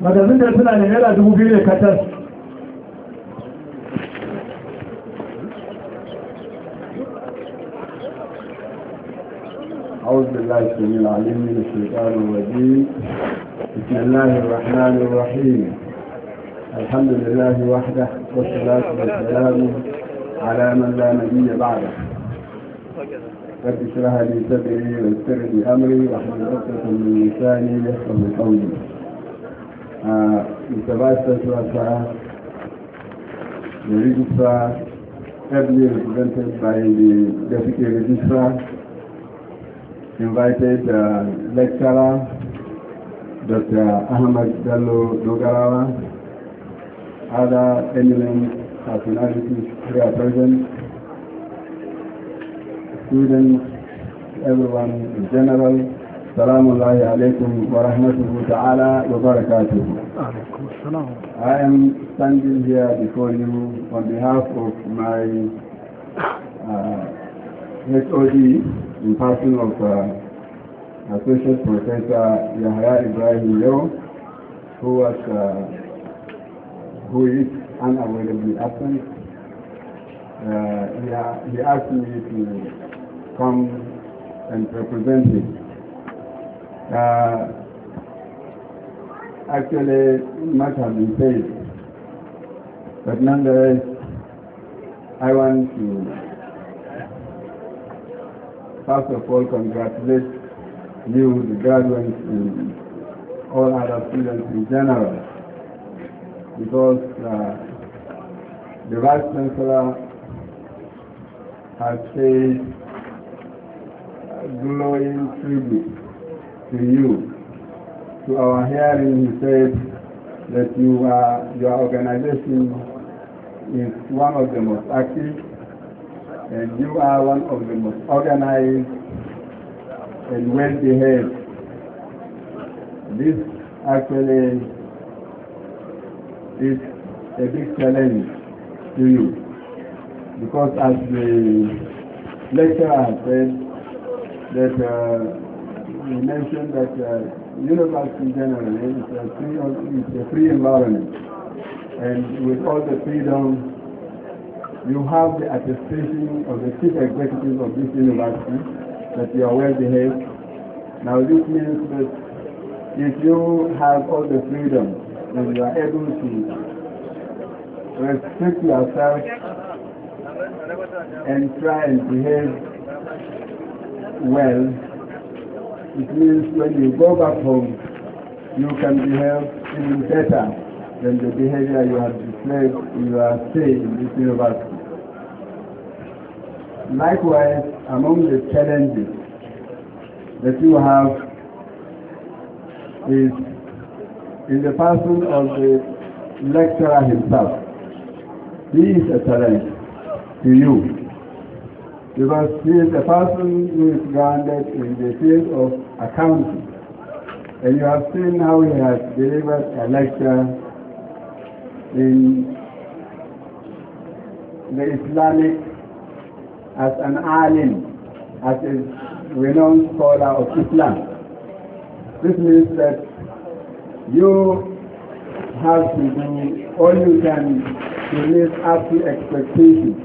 A: magazin da suna da naira dubu biyu ne katar
E: أعوذ بالله السميع العليم من الشيطان الرجيم بسم الله الرحمن الرحيم الحمد لله وحده والصلاة والسلام على من لا نبي بعده رب اشرح لي صدري ويسر لي أمري واحلل عقدة من لساني يفقه قولي Mr. Vice President, the registrar, heavily represented by the deputy registrar, invited uh, lecturer, Dr. Ahmad dallo Dogarawa, other eminent personalities here are present, students, everyone in general, السلام الله عليكم ورحمته تعالى وبركاته
D: عليكم السلام
E: I am standing here before you on behalf of my uh, HOD in person of uh, Associate Professor Yahya Ibrahim Leo who was uh, who is unavoidably absent uh, he, he asked me to come and represent him uh, actually much has been said. But nonetheless, I want to first of all congratulate you, the graduates, and all other students in general, because uh, the Vice Chancellor has paid glowing tribute to you. To our hearing, he said that you are, your organization is one of the most active and you are one of the most organized and well-behaved. This actually is a big challenge to you because as the lecturer said that uh, you mentioned that the uh, university in general is a, free, a free environment. And with all the freedom, you have the attestation of the chief executive of this university that you are well behaved. Now this means that if you have all the freedom, then you are able to restrict yourself and try and behave well it means when you go back home, you can behave even better than the behavior you have displayed when you are staying in this university. Likewise, among the challenges that you have is in the person of the lecturer himself. He is a challenge to you because he is a person who is grounded in the field of account. And you have seen how he has delivered a lecture in the Islamic as an alim, as a renowned scholar of Islam. This means that you have to do all you can to live up to expectations.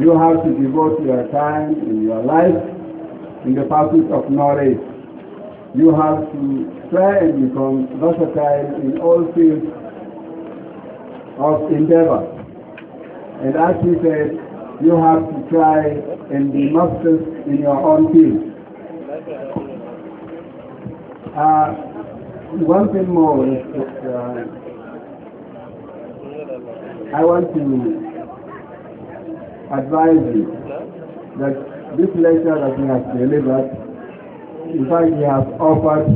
E: You have to devote your time in your life in the pursuit of knowledge. You have to try and become versatile in all fields of endeavor. And as he said, you have to try and be masters in your own field. Uh, one thing more is that uh, I want to advise you that this lecture that he has delivered, in fact, he has offered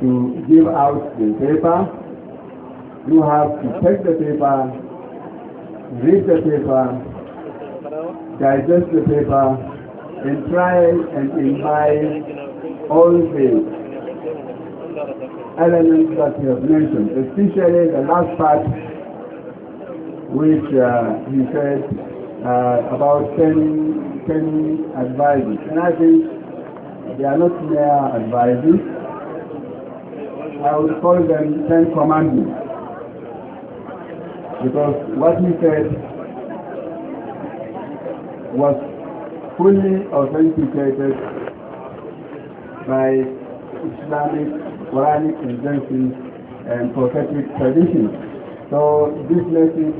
E: to give out the paper. You have to take the paper, read the paper, digest the paper, and try and invite all the elements that you have mentioned, especially the last part which uh, he said uh, about 10 basically advises. And I think they are not mere advices. I would call them Ten Commandments. Because what he said was fully authenticated by Islamic, Quranic inventions and prophetic traditions. So this makes it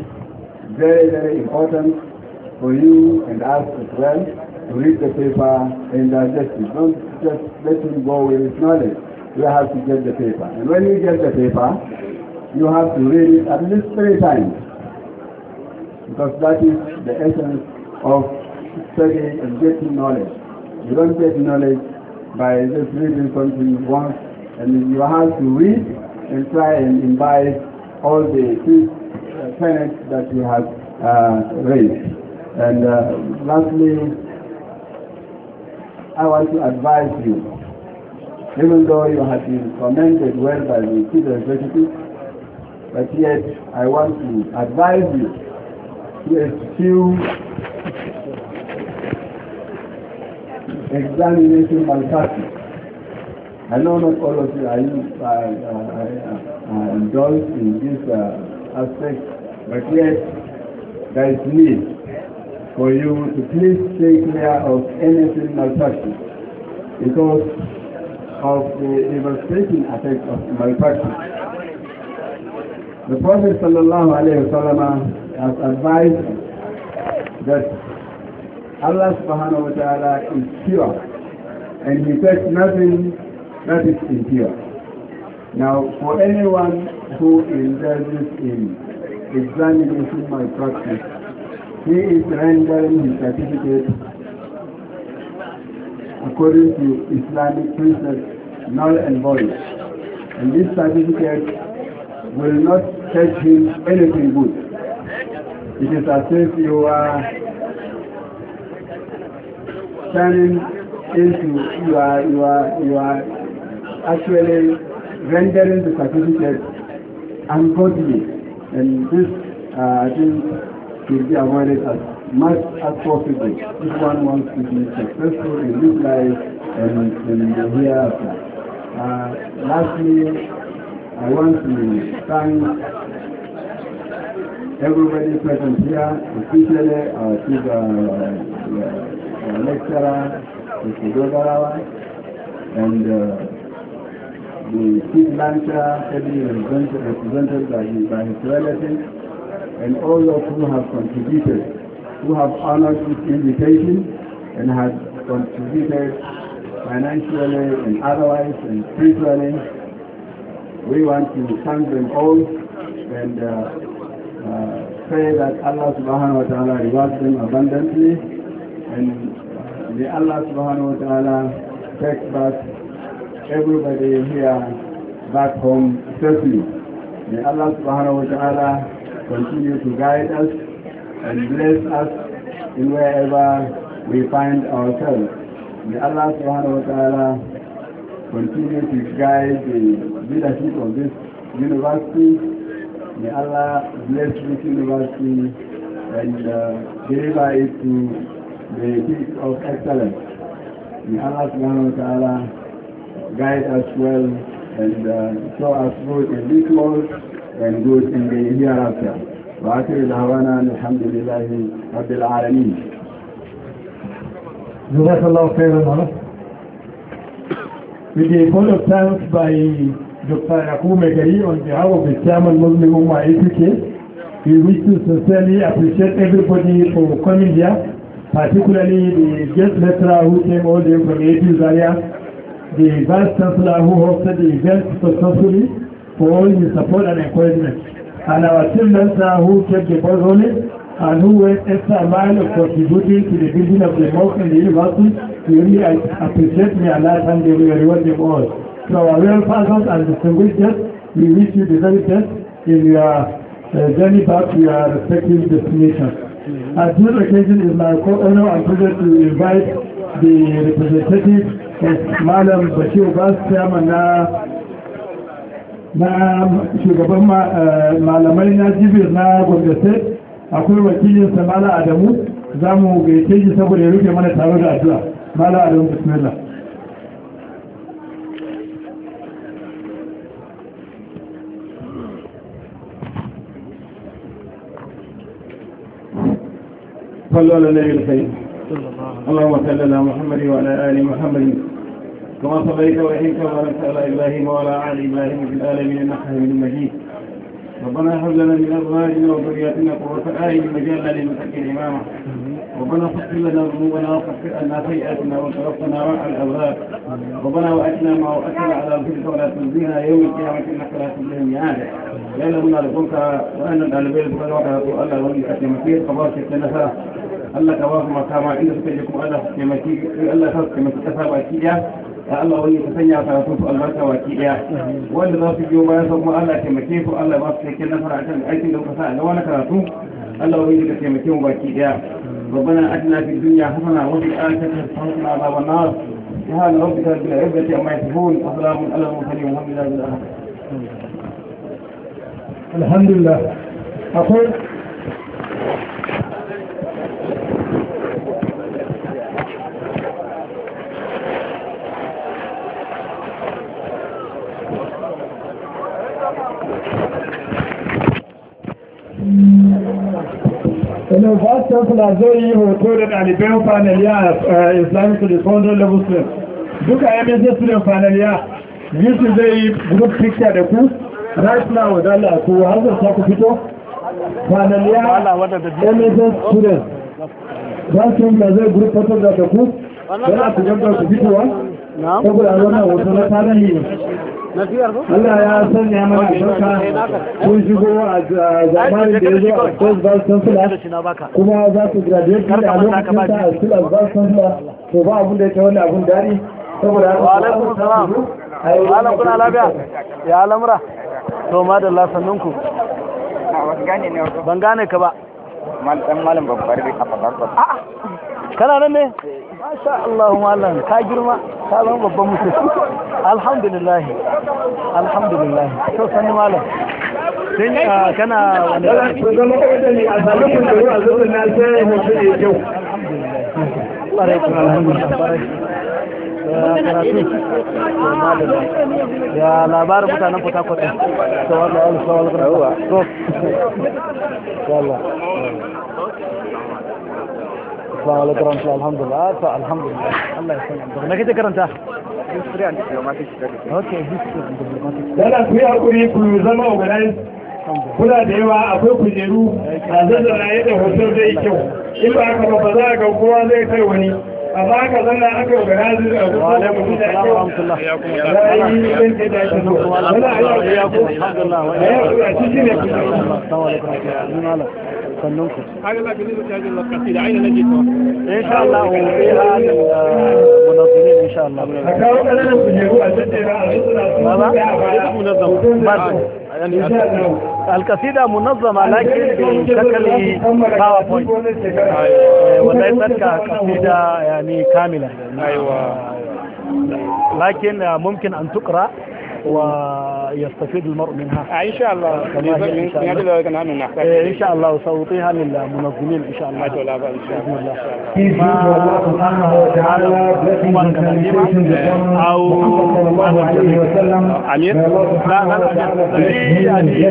E: very, very important for you and us as well to read the paper and digest it. Don't just let him go with his knowledge. You have to get the paper. And when you get the paper, you have to read it at least three times. Because that is the essence of study and getting knowledge. You don't get knowledge by just reading something once and you have to read and try and imbibe all the uh, tenets that you have uh, raised. And uh, lastly, I want to advise you, even though you have been commended well by the chief executive, but yet I want to advise you to eschew examination malpractice. I know not all of you are, uh, indulged in this uh, aspect, but yet there is need for you to please stay clear of anything malpractice because of the devastating effect of malpractice. The Prophet ﷺ has advised that Allah subhanahu wa ta'ala is pure and he takes nothing that is impure. Now for anyone who indulges in examining my practice he is rendering his certificate according to Islamic precepts null and void. And this certificate will not fetch him anything good. It is as if you are turning into you are you are you are actually rendering the certificate ungodly. And this uh, I think should be avoided as much as possible if one wants to be successful in this life and in the hereafter. Uh, lastly, I want to thank everybody present here, especially our chief uh, uh, lecturer, Mr. Dogarawa, and uh, the chief lancer, Teddy, represented by his relatives. and all those who have contributed, who have honored this invitation and have contributed financially and otherwise and spiritually. We want to thank them all and uh, uh, pray that Allah subhanahu wa ta'ala rewards them abundantly and uh, may Allah subhanahu wa ta'ala take back everybody here back home safely. May Allah subhanahu wa ta'ala continue to guide us and bless us in wherever we find ourselves. May Allah subhanahu wa ta'ala continue to guide the leadership of this university. May Allah bless this university and uh, deliver it to the peak of excellence. May Allah subhanahu wa ta'ala guide us well and uh, show us good in this world فيجوز إن هي راسية وآخر دعوانا الحمد لله رب العالمين
A: جزاك الله خيرا With the full of thanks by Dr. Yaku Megari on behalf of the Chairman Muslim Ummah APK, we wish to sincerely appreciate everybody for coming here, particularly the guest lecturer who came all the way from AP's area, the Vice Chancellor who hosted the event successfully, for his support and encouragement. And our children who kept the ball rolling and who went extra mile of contributing to the building of the mosque and the university, we really appreciate me a lot and we will reward them all. To our real fathers and distinguished guests, we wish you the very best in your uh, journey back to your respective destinations. At this occasion, it is my honor and pleasure to invite the representative of Malam Bashir Bas, Chairman uh, na shugaban eh, malamai na jibir na gwamnati akwai wakilin mala adamu za mu gaike shi saboda ya rufe mana taro da addu'a mala adamu bismillah
E: صلوا على النبي الكريم اللهم صل على محمد وعلى ال محمد كما
A: صليت وحيك وباركت على إبراهيم وعلى آل إبراهيم في العالمين إنك حميد مجيد ربنا هب لنا من أزواجنا وذرياتنا قرة أعين وجعلنا للمتقين الإمامة ربنا فاغفر لنا ذنوبنا وكفر لنا سيئاتنا وتوفنا روح الأبرار ربنا وأتنا ما وأتنا على الفرق ولا تنزينا يوم القيامة إنك لا تنزيه ميعادا لأن
E: هنا لقلت وأن الألبيل بقدر وكرة الله ولي أتمكير قبار شكلنا
A: الله كواف مقامع إذا سكجكم الله تمكير الله تمكير تسابع كيجا da Allah wani ka sanya karatun su albarka waki daya wanda za su biyo bayan kuma Allah taimake su Allah ba su cikin nasara a kan aikin da kuka sa a gaba na karatu Allah wani ka taimake mu baki daya
E: ربنا أتنا في الدنيا حسنة وفي الآخرة حسنة عذاب النار سبحان ربك رب العزة
A: عما يصفون وسلام على المرسلين والحمد لله رب العالمين الحمد لله أقول university suna zai yi hoto da ɗaliban fanaliya a islamic studies da muslim duka msc student fanaliya yusuf zai yi group picture da ku right now da Allah ku har da sa fito fanaliya su yi group photo da ku yana ku ku fitowa saboda wannan hoto na tarihi Allah ya sanya mana albarka eh, kun shigo a zamanin da ya zo a School Vice fila, kuma za su graduate da a lokacin ta a School Vice fila to ba abin da ya ce wani abin dari saboda haka wa alaikum salam malam kuna labiya ya lamura to ma da lasanninku ban gane ka ba malam babbar bai kafa barbar a'a kana nan ne masha Allah malam ka girma ka zama babban mutum alhamdulillah alhamdulillah to sani malam sun kana ya
D: labarin mutanen Port Harcourt to wallahi Allah
A: Assalamu alaikum warahmatullahi alhamdulillah to ah, alhamdulillah Allah yana ku zama kuna da yawa akwai kujeru a zazzara yadda hotel zai kyau in ba haka ba za ga kowa zai kai wani a kuma da mutum da kyau ya yi yin da ya zo wala ya ku alhamdulillah wa ya ku ne ku sannunku in sha Allah wa fiha lil
B: munazzimin in sha القصيدة منظمة لكن بشكل باوربوينت آه، وليست قصيدة يعني كاملة أيوة لكن آه، ممكن أن تقرأ ويستفيد المرء منها ان شاء الله ان شاء
A: الله وصوتيها للمنظمين ان شاء الله ان شاء الله الله سبحانه وتعالى او امير لا لا يعني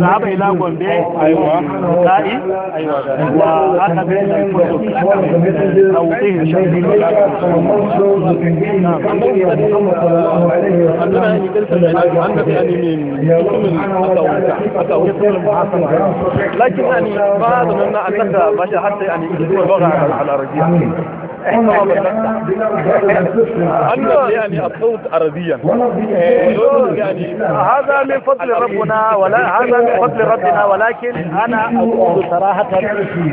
A: ذهب الى غومبي ايوه بكائي ايوه واخذ الكتب اوطيه ان شاء الله نعم لكنني يعني, يعني, يعني من لكن يعني ما أظن أنك
B: بشر حتى يعني على رجيع يعني الصوت أرضيا يعني هذا من فضل ربنا ولا هذا من فضل ربنا ولكن أنا أقول صراحة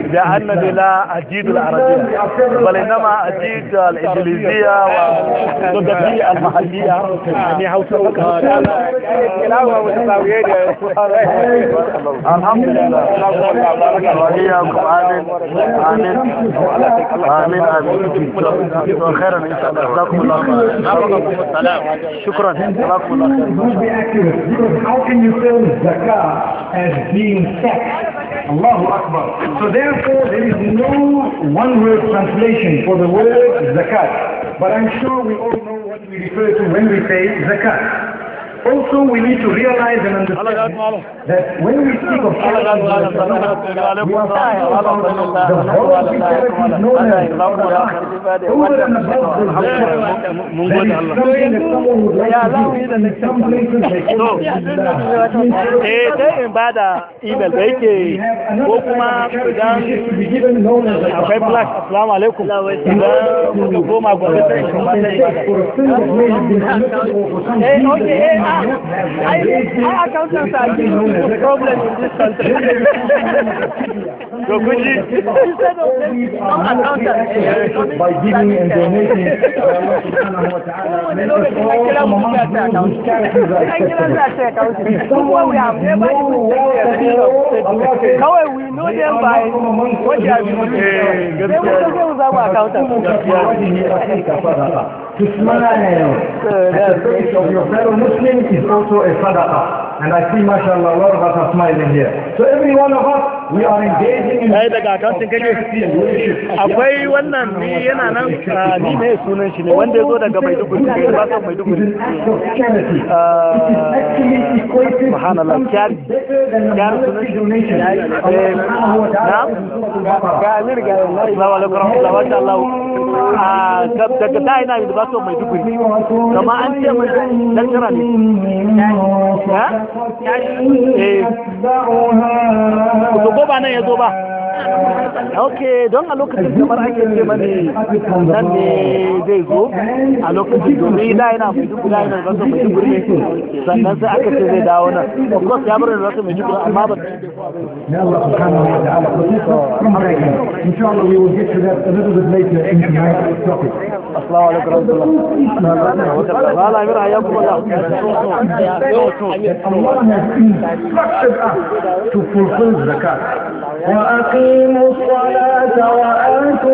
B: بأنني لا
A: أجيد العربية بل إنما أجيد الإنجليزية واللغة المحلية يعني حوصلك الحمد لله آمين
D: آمين آمين How خيرا ان شاء الله جزاكم الله
A: خير شكرا جزاكم الله خير Allahu Akbar. So therefore there is no one word translation for the word zakat. But I'm
D: sure we all know what we refer to when we say
A: zakat. also we need to realize and understand that when we speak of Allah, we are talking about the whole of his knowledge that is something that someone would like to do in some places like Eh dai in ba da email da yake ko kuma idan akwai
B: black assalamu alaikum idan goma gobe
D: uh, I, I accountants are the
B: problem in this country. so
D: could you, instead of some
A: accountants, by giving and donating, we have never even taken their However, we know them by what they are doing. They will say we are accountants. to smile. That's the face of your fellow Muslim is also a sadaqah. And I see, mashallah, a lot of us are smiling here. So every one of us, we are engaging in
B: Ai daga akauntin kake
A: akwai
B: wannan ni yana nan
A: ni ne sunan shi ne wanda yazo daga Maiduguri ne ba san Maiduguri subhanallah kyar kyar sunan donation na ga amir ga Allah wa alaikum rahmatullah wa ta'ala a daga dai na fato mai duguri kama an ce mai lakira ne ya? eh, eh.
B: kusurgo ba nan ya zo ba ok don a lokacin kamar ake ce mani nan ne zai zo a lokacin domin
A: da yana mai duk da yana rasa mai the ne sannan sai aka ce zai dawo nan of course ya bar da rasa mai duk amma ba ya Allah subhanahu wa ta'ala inshallah we will get to that
B: a little bit later in tonight's topic السلام عليكم ورحمة الله وبركاته. الله يمر عليكم Allah
A: has instructed us to fulfill zakat.
D: وأقيموا الصلاة وآتوا